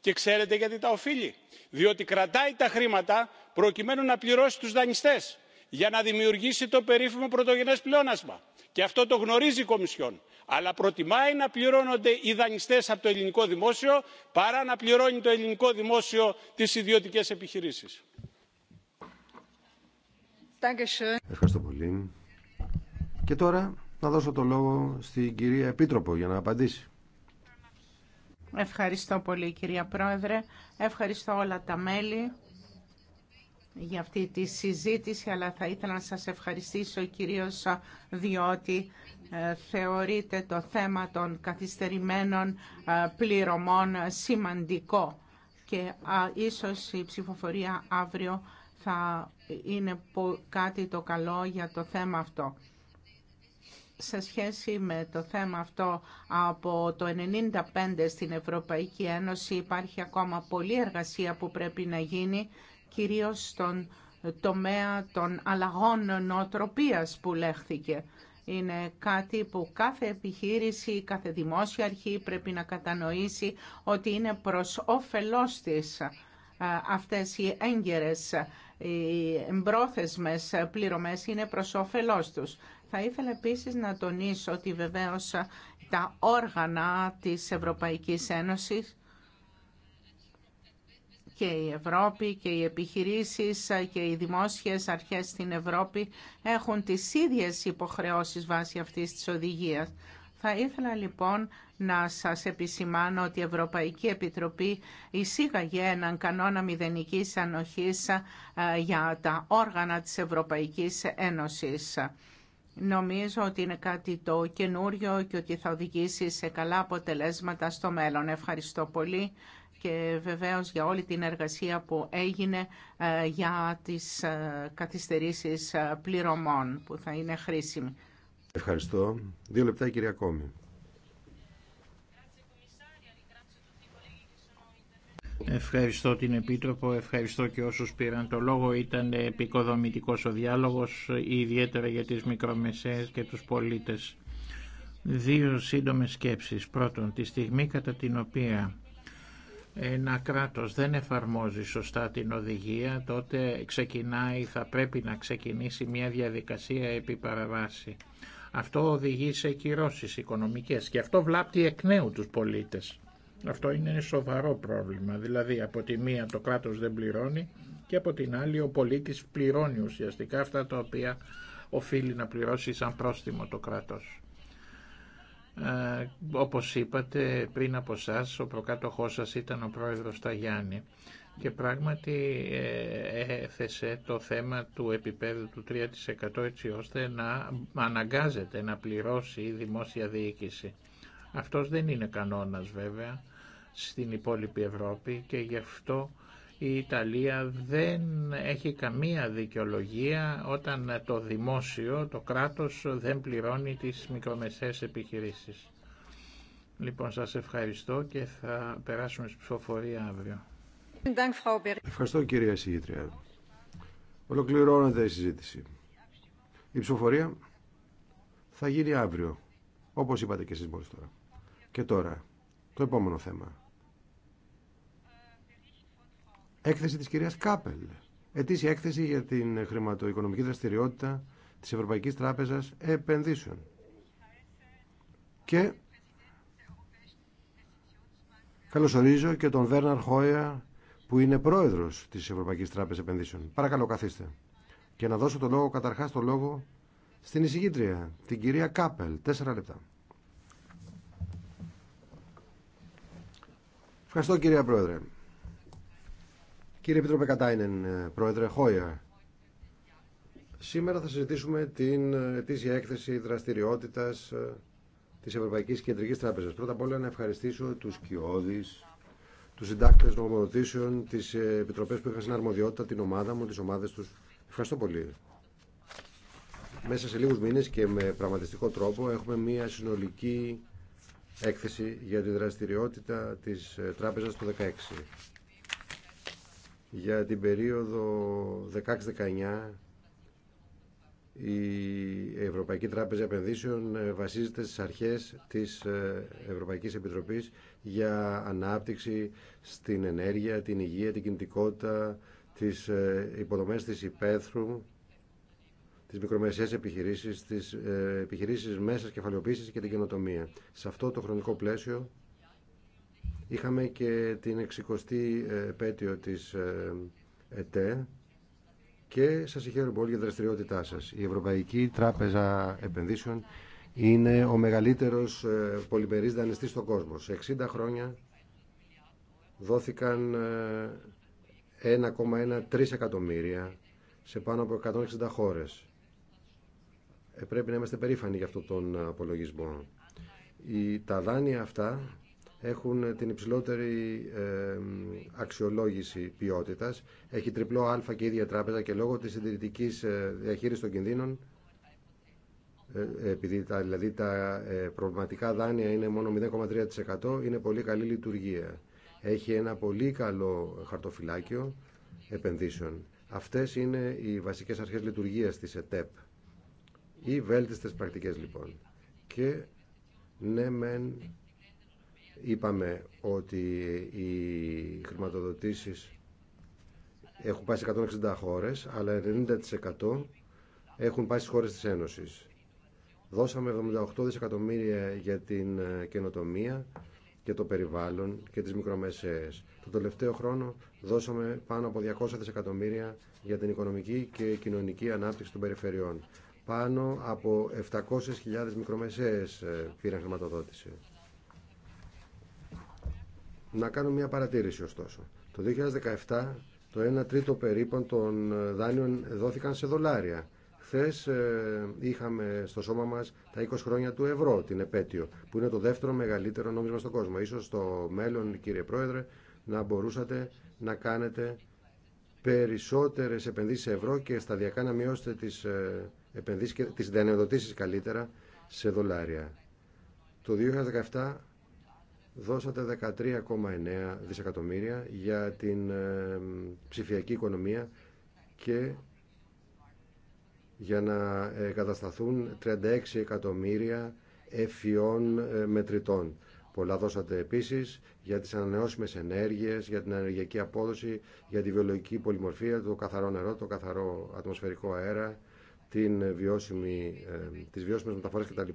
και ξέρετε γιατί τα οφείλει; διότι κρατάει τα χρήματα προκειμένου να πληρώσει τους δανειστές για να δημιουργήσει το περίφημο πρωτογενέ πλεόνασμα και αυτό το γνωρίζει η κομισιόν αλλά προτιμάει να πληρώνονται οι δανειστέ από το ελληνικό δημόσιο παρά να πληρώνει το ελληνικό δημόσιο τις ιδιωτικές επιχειρήσεις. Ευχαριστώ πολύ. Και τώρα να δώσω το λόγο στην κυρία Επίτροπο για να απαντήσει. Ευχαριστώ πολύ κυρία Πρόεδρε. Ευχαριστώ όλα τα μέλη για αυτή τη συζήτηση, αλλά θα ήθελα να σας ευχαριστήσω κυρίως διότι ε, θεωρείται το θέμα των καθυστερημένων ε, πληρωμών σημαντικό και ίσως η ψηφοφορία αύριο θα είναι κάτι το καλό για το θέμα αυτό. Σε σχέση με το θέμα αυτό, από το 1995 στην Ευρωπαϊκή Ένωση υπάρχει ακόμα πολλή εργασία που πρέπει να γίνει κυρίως στον τομέα των αλλαγών νοοτροπίας που λέχθηκε. Είναι κάτι που κάθε επιχείρηση, κάθε δημόσια αρχή πρέπει να κατανοήσει ότι είναι προς όφελός της ε, αυτές οι έγκαιρες, οι εμπρόθεσμες πληρωμές είναι προς όφελός τους. Θα ήθελα επίσης να τονίσω ότι βεβαίως τα όργανα της Ευρωπαϊκής Ένωσης και η Ευρώπη και οι επιχειρήσεις και οι δημόσιες αρχές στην Ευρώπη έχουν τις ίδιες υποχρεώσεις βάσει αυτής της οδηγίας. Θα ήθελα λοιπόν να σας επισημάνω ότι η Ευρωπαϊκή Επιτροπή εισήγαγε έναν κανόνα μηδενικής ανοχής ε, για τα όργανα της Ευρωπαϊκής Ένωσης. Νομίζω ότι είναι κάτι το καινούριο και ότι θα οδηγήσει σε καλά αποτελέσματα στο μέλλον. Ευχαριστώ πολύ και βεβαίως για όλη την εργασία που έγινε ε, για τις ε, καθυστερήσεις ε, πληρωμών που θα είναι χρήσιμη. Ευχαριστώ. Δύο λεπτά η κυρία Κόμη. Ευχαριστώ την Επίτροπο, ευχαριστώ και όσους πήραν το λόγο. Ήταν επικοδομητικός ο διάλογος, ιδιαίτερα για τις μικρομεσαίες και τους πολίτες. Δύο σύντομες σκέψεις. Πρώτον, τη στιγμή κατά την οποία ένα κράτος δεν εφαρμόζει σωστά την οδηγία, τότε ξεκινάει, θα πρέπει να ξεκινήσει μια διαδικασία επί παραβάση. Αυτό οδηγεί σε κυρώσεις οικονομικές και αυτό βλάπτει εκ νέου τους πολίτες. Αυτό είναι ένα σοβαρό πρόβλημα, δηλαδή από τη μία το κράτος δεν πληρώνει και από την άλλη ο πολίτης πληρώνει ουσιαστικά αυτά τα οποία οφείλει να πληρώσει σαν πρόστιμο το κράτος όπως είπατε πριν από εσά, ο προκάτοχός σας ήταν ο πρόεδρος Ταγιάννη και πράγματι ε, έθεσε το θέμα του επίπεδου του 3% έτσι ώστε να αναγκάζεται να πληρώσει η δημόσια διοίκηση. Αυτός δεν είναι κανόνας βέβαια στην υπόλοιπη Ευρώπη και γι' αυτό η Ιταλία δεν έχει καμία δικαιολογία όταν το δημόσιο, το κράτος δεν πληρώνει τις μικρομεσαίες επιχειρήσεις. Λοιπόν, σας ευχαριστώ και θα περάσουμε στη ψηφοφορία αύριο. Ευχαριστώ κυρία Συγήτρια. Ολοκληρώνεται η συζήτηση. Η ψηφοφορία θα γίνει αύριο, όπως είπατε και εσείς μόλις τώρα. Και τώρα, το επόμενο θέμα. Έκθεση της κυρίας Κάπελ. Ετήσι έκθεση για την χρηματοοικονομική δραστηριότητα της Ευρωπαϊκής Τράπεζας Επενδύσεων. Και καλωσορίζω και τον Βέρναρ Χόια που είναι πρόεδρος της Ευρωπαϊκής Τράπεζας Επενδύσεων. Παρακαλώ καθίστε. Και να δώσω το λόγο καταρχάς το λόγο στην εισηγήτρια, την κυρία Κάπελ. Τέσσερα λεπτά. Ευχαριστώ κυρία Πρόεδρε. Κύριε Επίτροπε Κατάινεν, ε, Πρόεδρε Χόια, σήμερα θα συζητήσουμε την ε, ετήσια έκθεση δραστηριότητας ε, της Ευρωπαϊκής Κεντρικής Τράπεζας. Πρώτα απ' όλα να ευχαριστήσω τους Κιώδης, τους συντάκτες νομοδοτήσεων, τις επιτροπές που είχαν στην αρμοδιότητα, την ομάδα μου, τις ομάδες τους. Ευχαριστώ πολύ. Μέσα σε λίγους μήνες και με πραγματιστικό τρόπο έχουμε μια συνολική έκθεση για τη δραστηριότητα της τράπεζας το 2016 για την περίοδο 16-19 η Ευρωπαϊκή Τράπεζα Επενδύσεων ε, βασίζεται στις αρχές της ε, Ευρωπαϊκής Επιτροπής για ανάπτυξη στην ενέργεια, την υγεία, την κινητικότητα, τις ε, υποδομές της υπαίθρου, τις μικρομεσαίες επιχειρήσεις, τις επιχειρήσεις μέσα κεφαλαιοποίησης και την καινοτομία. Σε αυτό το χρονικό πλαίσιο Είχαμε και την 60η ε, επέτειο της ε, ΕΤΕ και σας ευχαριστώ πολύ για δραστηριότητά σας. Η Ευρωπαϊκή Τράπεζα Επενδύσεων είναι ο μεγαλύτερος ε, πολυμερής δανειστής στον κόσμο. Σε 60 χρόνια δόθηκαν 1,13 εκατομμύρια σε πάνω από 160 χώρες. Πρέπει να είμαστε περήφανοι για αυτόν τον απολογισμό. Τα δάνεια αυτά έχουν την υψηλότερη αξιολόγηση ποιότητας. Έχει τριπλό α και ίδια τράπεζα και λόγω της συντηρητικής ε, διαχείρισης των κινδύνων ε, ε, επειδή τα, δηλαδή τα προβληματικά δάνεια είναι μόνο 0,3% είναι πολύ καλή λειτουργία. Έχει ένα πολύ καλό χαρτοφυλάκιο επενδύσεων. Αυτές είναι οι βασικές αρχές λειτουργίας της ΕΤΕΠ. Οι βέλτιστες πρακτικές λοιπόν. Και ναι μεν Είπαμε ότι οι χρηματοδοτήσεις έχουν πάει σε 160 χώρες, αλλά 90% έχουν πάει στις χώρες της Ένωσης. Δώσαμε 78 δισεκατομμύρια για την ε, καινοτομία και το περιβάλλον και τις μικρομεσαίες. Το τελευταίο χρόνο δώσαμε πάνω από 200 δισεκατομμύρια για την οικονομική και κοινωνική ανάπτυξη των περιφερειών. Πάνω από 700.000 μικρομεσαίες ε, πήραν χρηματοδότηση. Να κάνω μια παρατήρηση ωστόσο. Το 2017 το 1 τρίτο περίπου των ε, δάνειων δόθηκαν σε δολάρια. Χθε ε, είχαμε στο σώμα μα τα 20 χρόνια του ευρώ, την επέτειο, που είναι το δεύτερο μεγαλύτερο νόμισμα στον κόσμο. Ίσως στο μέλλον, κύριε Πρόεδρε, να μπορούσατε να κάνετε περισσότερες επενδύσεις σε ευρώ και σταδιακά να μειώσετε τις, ε, επενδύσει και τι καλύτερα σε δολάρια. Το 2017 δώσατε 13,9 δισεκατομμύρια για την ε, ψηφιακή οικονομία και για να ε, κατασταθούν 36 εκατομμύρια εφιών ε, μετρητών. Πολλά δώσατε επίσης για τις ανανεώσιμες ενέργειες, για την ενεργειακή απόδοση, για τη βιολογική πολυμορφία, το καθαρό νερό, το καθαρό ατμοσφαιρικό αέρα, την βιώσιμη, τις βιώσιμες μεταφορές κτλ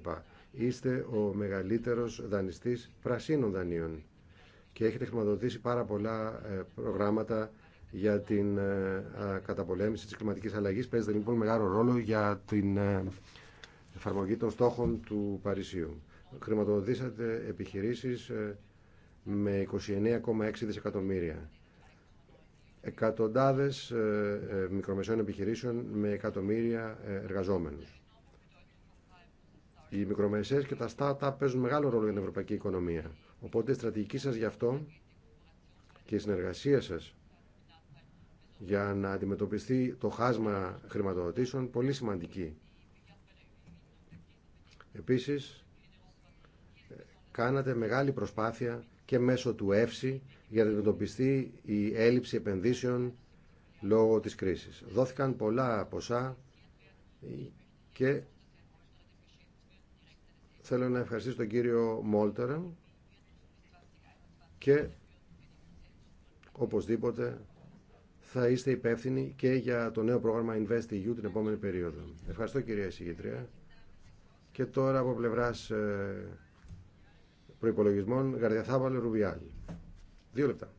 είστε ο μεγαλύτερος δανειστής πρασίνων δανείων και έχετε χρηματοδοτήσει πάρα πολλά ε, προγράμματα για την ε, καταπολέμηση της κλιματικής αλλαγής. Παίζετε λοιπόν μεγάλο ρόλο για την ε, εφαρμογή των στόχων του Παρισίου. Χρηματοδοτήσατε επιχειρήσεις με 29,6 δισεκατομμύρια. Εκατοντάδες μικρομεσαίων επιχειρήσεων με εκατομμύρια εργαζόμενους. Οι μικρομεσαίες και τα startup παίζουν μεγάλο ρόλο για την ευρωπαϊκή οικονομία. Οπότε η στρατηγική σας γι' αυτό και η συνεργασία σας για να αντιμετωπιστεί το χάσμα χρηματοδοτήσεων πολύ σημαντική. Επίσης, κάνατε μεγάλη προσπάθεια και μέσω του ΕΦΣΥ για να αντιμετωπιστεί η έλλειψη επενδύσεων λόγω της κρίσης. Δόθηκαν πολλά ποσά και Θέλω να ευχαριστήσω τον κύριο Μόλτεραν και οπωσδήποτε θα είστε υπεύθυνοι και για το νέο πρόγραμμα InvestEU την επόμενη περίοδο. Ευχαριστώ κυρία εισηγητρία. Και τώρα από πλευράς ε, προϋπολογισμών Γαρδιαθάβαλε Ρουβιάλ. Δύο λεπτά.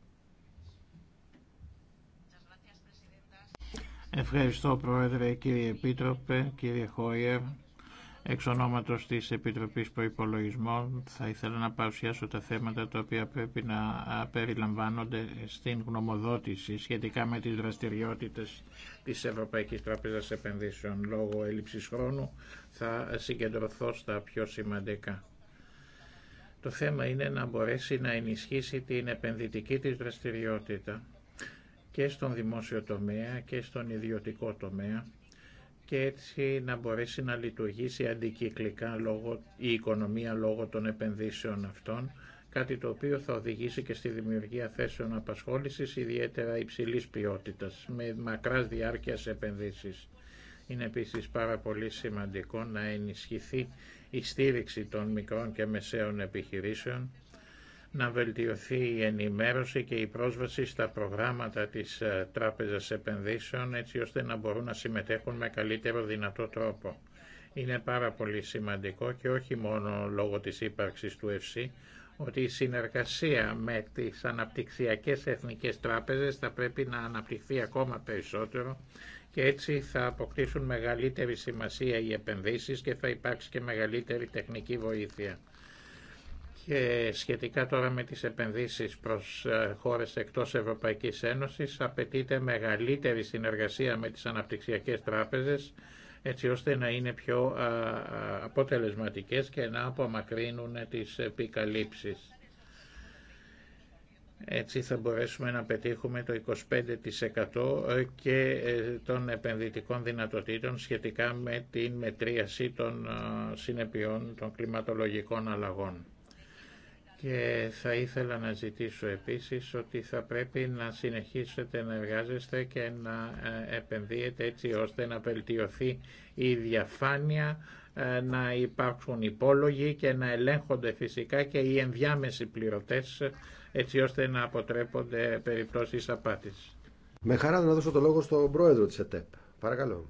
Ευχαριστώ Πρόεδρε, κύριε Επίτροπε, κύριε Χόιερ. Εξ ονόματος της Επιτροπής Προϋπολογισμών θα ήθελα να παρουσιάσω τα θέματα τα οποία πρέπει να περιλαμβάνονται στην γνωμοδότηση σχετικά με τις δραστηριότητες της Ευρωπαϊκής Τράπεζας Επενδύσεων. Λόγω έλλειψης χρόνου θα συγκεντρωθώ στα πιο σημαντικά. Το θέμα είναι να μπορέσει να ενισχύσει την επενδυτική της δραστηριότητα και στον δημόσιο τομέα και στον ιδιωτικό τομέα και έτσι να μπορέσει να λειτουργήσει αντικυκλικά λόγω, η οικονομία λόγω των επενδύσεων αυτών, κάτι το οποίο θα οδηγήσει και στη δημιουργία θέσεων απασχόλησης ιδιαίτερα υψηλής ποιότητας, με μακράς διάρκειας επενδύσεις. Είναι επίσης πάρα πολύ σημαντικό να ενισχυθεί η στήριξη των μικρών και μεσαίων επιχειρήσεων, να βελτιωθεί η ενημέρωση και η πρόσβαση στα προγράμματα της ε, Τράπεζας Επενδύσεων έτσι ώστε να μπορούν να συμμετέχουν με καλύτερο δυνατό τρόπο. Είναι πάρα πολύ σημαντικό και όχι μόνο λόγω της ύπαρξης του ΕΦΣΥ ότι η συνεργασία με τις αναπτυξιακές εθνικές τράπεζες θα πρέπει να αναπτυχθεί ακόμα περισσότερο και έτσι θα αποκτήσουν μεγαλύτερη σημασία οι επενδύσεις και θα υπάρξει και μεγαλύτερη τεχνική βοήθεια. Και σχετικά τώρα με τις επενδύσεις προς ε, χώρες εκτός Ευρωπαϊκής Ένωσης απαιτείται μεγαλύτερη συνεργασία με τις αναπτυξιακές τράπεζες έτσι ώστε να είναι πιο αποτελεσματικές και να απομακρύνουν τις επικαλύψεις. Έτσι θα μπορέσουμε να πετύχουμε το 25% και ε, των επενδυτικών δυνατοτήτων σχετικά με την μετρίαση των συνεπειών των κλιματολογικών αλλαγών. Και θα ήθελα να ζητήσω επίσης ότι θα πρέπει να συνεχίσετε να εργάζεστε και να ε, επενδύετε έτσι ώστε να βελτιωθεί η διαφάνεια, ε, να υπάρχουν υπόλογοι και να ελέγχονται φυσικά και οι ενδιάμεσοι πληρωτές έτσι ώστε να αποτρέπονται περιπτώσεις απάτης. Με χαρά να δώσω το λόγο στον πρόεδρο της ΕΤΕΠ. Παρακαλώ.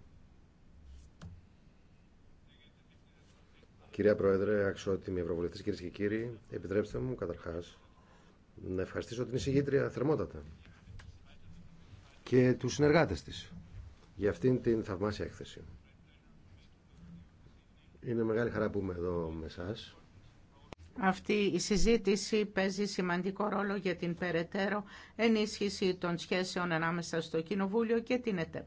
Κυρία Πρόεδρε, αξιότιμοι ευρωβουλευτέ, κυρίε και κύριοι, επιτρέψτε μου καταρχά να ευχαριστήσω την εισηγήτρια θερμότατα και του συνεργάτε τη για αυτήν την θαυμάσια έκθεση. Είναι μεγάλη χαρά που είμαι εδώ με εσά. Αυτή η συζήτηση παίζει σημαντικό ρόλο για την περαιτέρω ενίσχυση των σχέσεων ανάμεσα στο Κοινοβούλιο και την ΕΤΕΠ.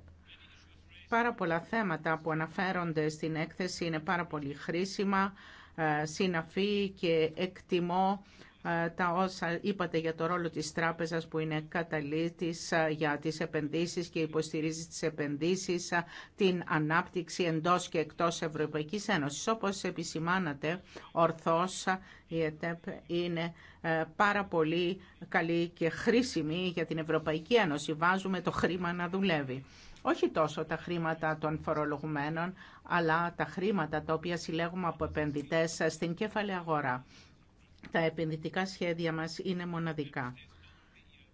Πάρα πολλά θέματα που αναφέρονται στην έκθεση είναι πάρα πολύ χρήσιμα, ε, συναφή και εκτιμώ ε, τα όσα είπατε για το ρόλο της τράπεζας που είναι καταλήτης ε, για τις επενδύσεις και υποστηρίζει τις επενδύσεις, ε, την ανάπτυξη εντός και εκτός Ευρωπαϊκής Ένωσης. Όπως επισημάνατε, ορθώς η ΕΤΕΠ είναι πάρα πολύ καλή και χρήσιμη για την Ευρωπαϊκή Ένωση. Βάζουμε το χρήμα να δουλεύει όχι τόσο τα χρήματα των φορολογουμένων, αλλά τα χρήματα τα οποία συλλέγουμε από επενδυτές στην κέφαλη αγορά τα επενδυτικά σχέδια μας είναι μοναδικά.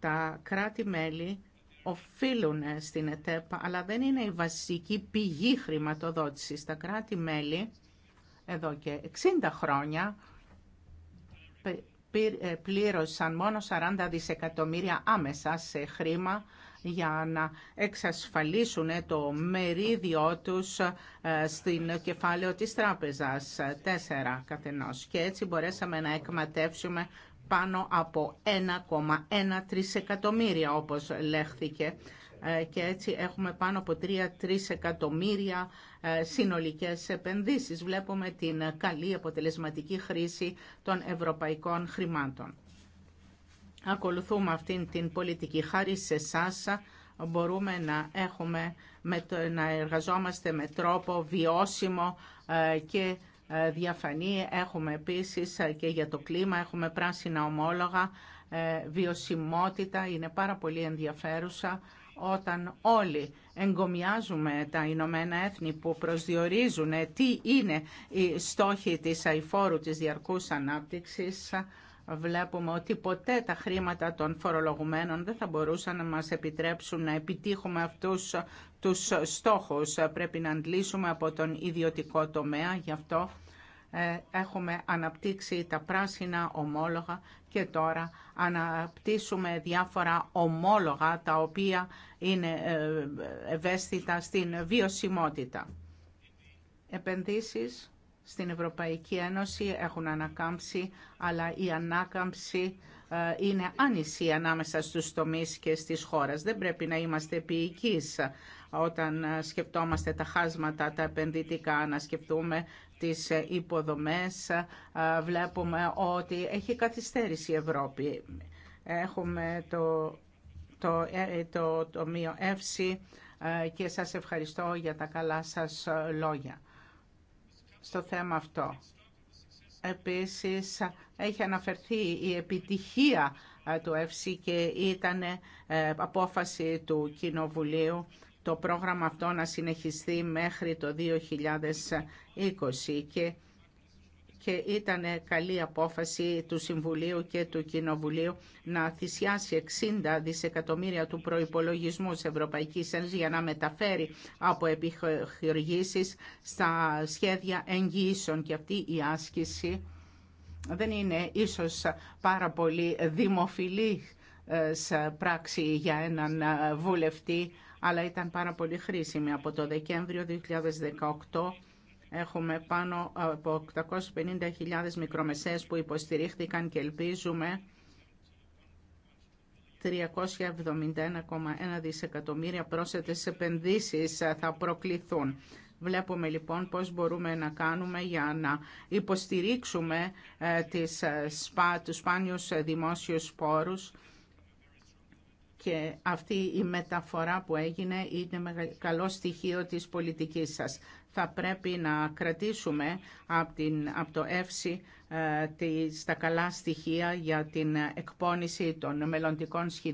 Τα κράτη-μέλη οφείλουν στην ΕΤΕΠ, αλλά δεν είναι η βασική πηγή χρηματοδότησης. Τα κράτη-μέλη εδώ και 60 χρόνια ε, πλήρωσαν μόνο 40 δισεκατομμύρια άμεσα σε χρήμα για να εξασφαλίσουν ε, το μερίδιό τους ε, στην κεφάλαιο της τράπεζας, τέσσερα καθενός. Και έτσι μπορέσαμε να εκματεύσουμε πάνω από 1,1 τρισεκατομμύρια όπως λέχθηκε ε, και έτσι έχουμε πάνω από 3 εκατομμύρια συνολικές επενδύσεις. Βλέπουμε την καλή αποτελεσματική χρήση των ευρωπαϊκών χρημάτων ακολουθούμε αυτήν την πολιτική. Χάρη σε εσά μπορούμε να, έχουμε, να εργαζόμαστε με τρόπο βιώσιμο ε, και ε, διαφανή. Έχουμε επίσης ε, και για το κλίμα, έχουμε πράσινα ομόλογα. Βιωσιμότητα είναι πάρα πολύ ενδιαφέρουσα όταν όλοι εγκομιάζουμε τα Ηνωμένα Έθνη που προσδιορίζουν τι είναι οι στόχοι της αηφόρου της διαρκούς ανάπτυξης βλέπουμε ότι ποτέ τα χρήματα των φορολογουμένων δεν θα μπορούσαν να μας επιτρέψουν να επιτύχουμε αυτούς τους στόχους. Πρέπει να αντλήσουμε από τον ιδιωτικό τομέα, γι' αυτό ε, έχουμε αναπτύξει τα πράσινα ομόλογα και τώρα αναπτύσσουμε διάφορα ομόλογα τα οποία είναι ε, ευαίσθητα στην βιωσιμότητα. Επενδύσεις στην Ευρωπαϊκή Ένωση έχουν ανακάμψει, αλλά η ανάκαμψη ε, είναι άνηση ανάμεσα στους τομείς και στις χώρες. Δεν πρέπει να είμαστε ποιικείς όταν ε, σκεπτόμαστε τα χάσματα, τα επενδυτικά, να σκεφτούμε τις ε, υποδομές. Βλέπουμε ότι έχει καθυστέρηση η Ευρώπη. Έχουμε το, το, το, το, εύση και σας ευχαριστώ για τα καλά σας λόγια στο θέμα αυτό. Επίσης, έχει αναφερθεί η επιτυχία ε, του ΕΦΣΥ και ήταν ε, απόφαση του Κοινοβουλίου το πρόγραμμα αυτό να συνεχιστεί μέχρι το 2020 και και ήταν καλή απόφαση του Συμβουλίου και του Κοινοβουλίου να θυσιάσει 60 δισεκατομμύρια του προϋπολογισμού της Ευρωπαϊκής Ένωσης για να μεταφέρει από επιχειρήσεις στα σχέδια εγγύησεων και αυτή η άσκηση δεν είναι ίσως πάρα πολύ δημοφιλή ε, πράξη για έναν ε, βουλευτή, αλλά ήταν πάρα πολύ χρήσιμη από το Δεκέμβριο 2018 Έχουμε πάνω από 850.000 μικρομεσαίες που υποστηρίχθηκαν και ελπίζουμε 371,1 δισεκατομμύρια πρόσθετες επενδύσεις ε, θα προκληθούν. Βλέπουμε λοιπόν πώς μπορούμε να κάνουμε για να υποστηρίξουμε ε, τις, ε, τους σπάνιους δημόσιους πόρους και αυτή η μεταφορά που έγινε είναι καλό στοιχείο της πολιτικής σας θα πρέπει να κρατήσουμε από, την, το ΕΦΣΙ τα καλά στοιχεία για την εκπόνηση των μελλοντικών σχεδίων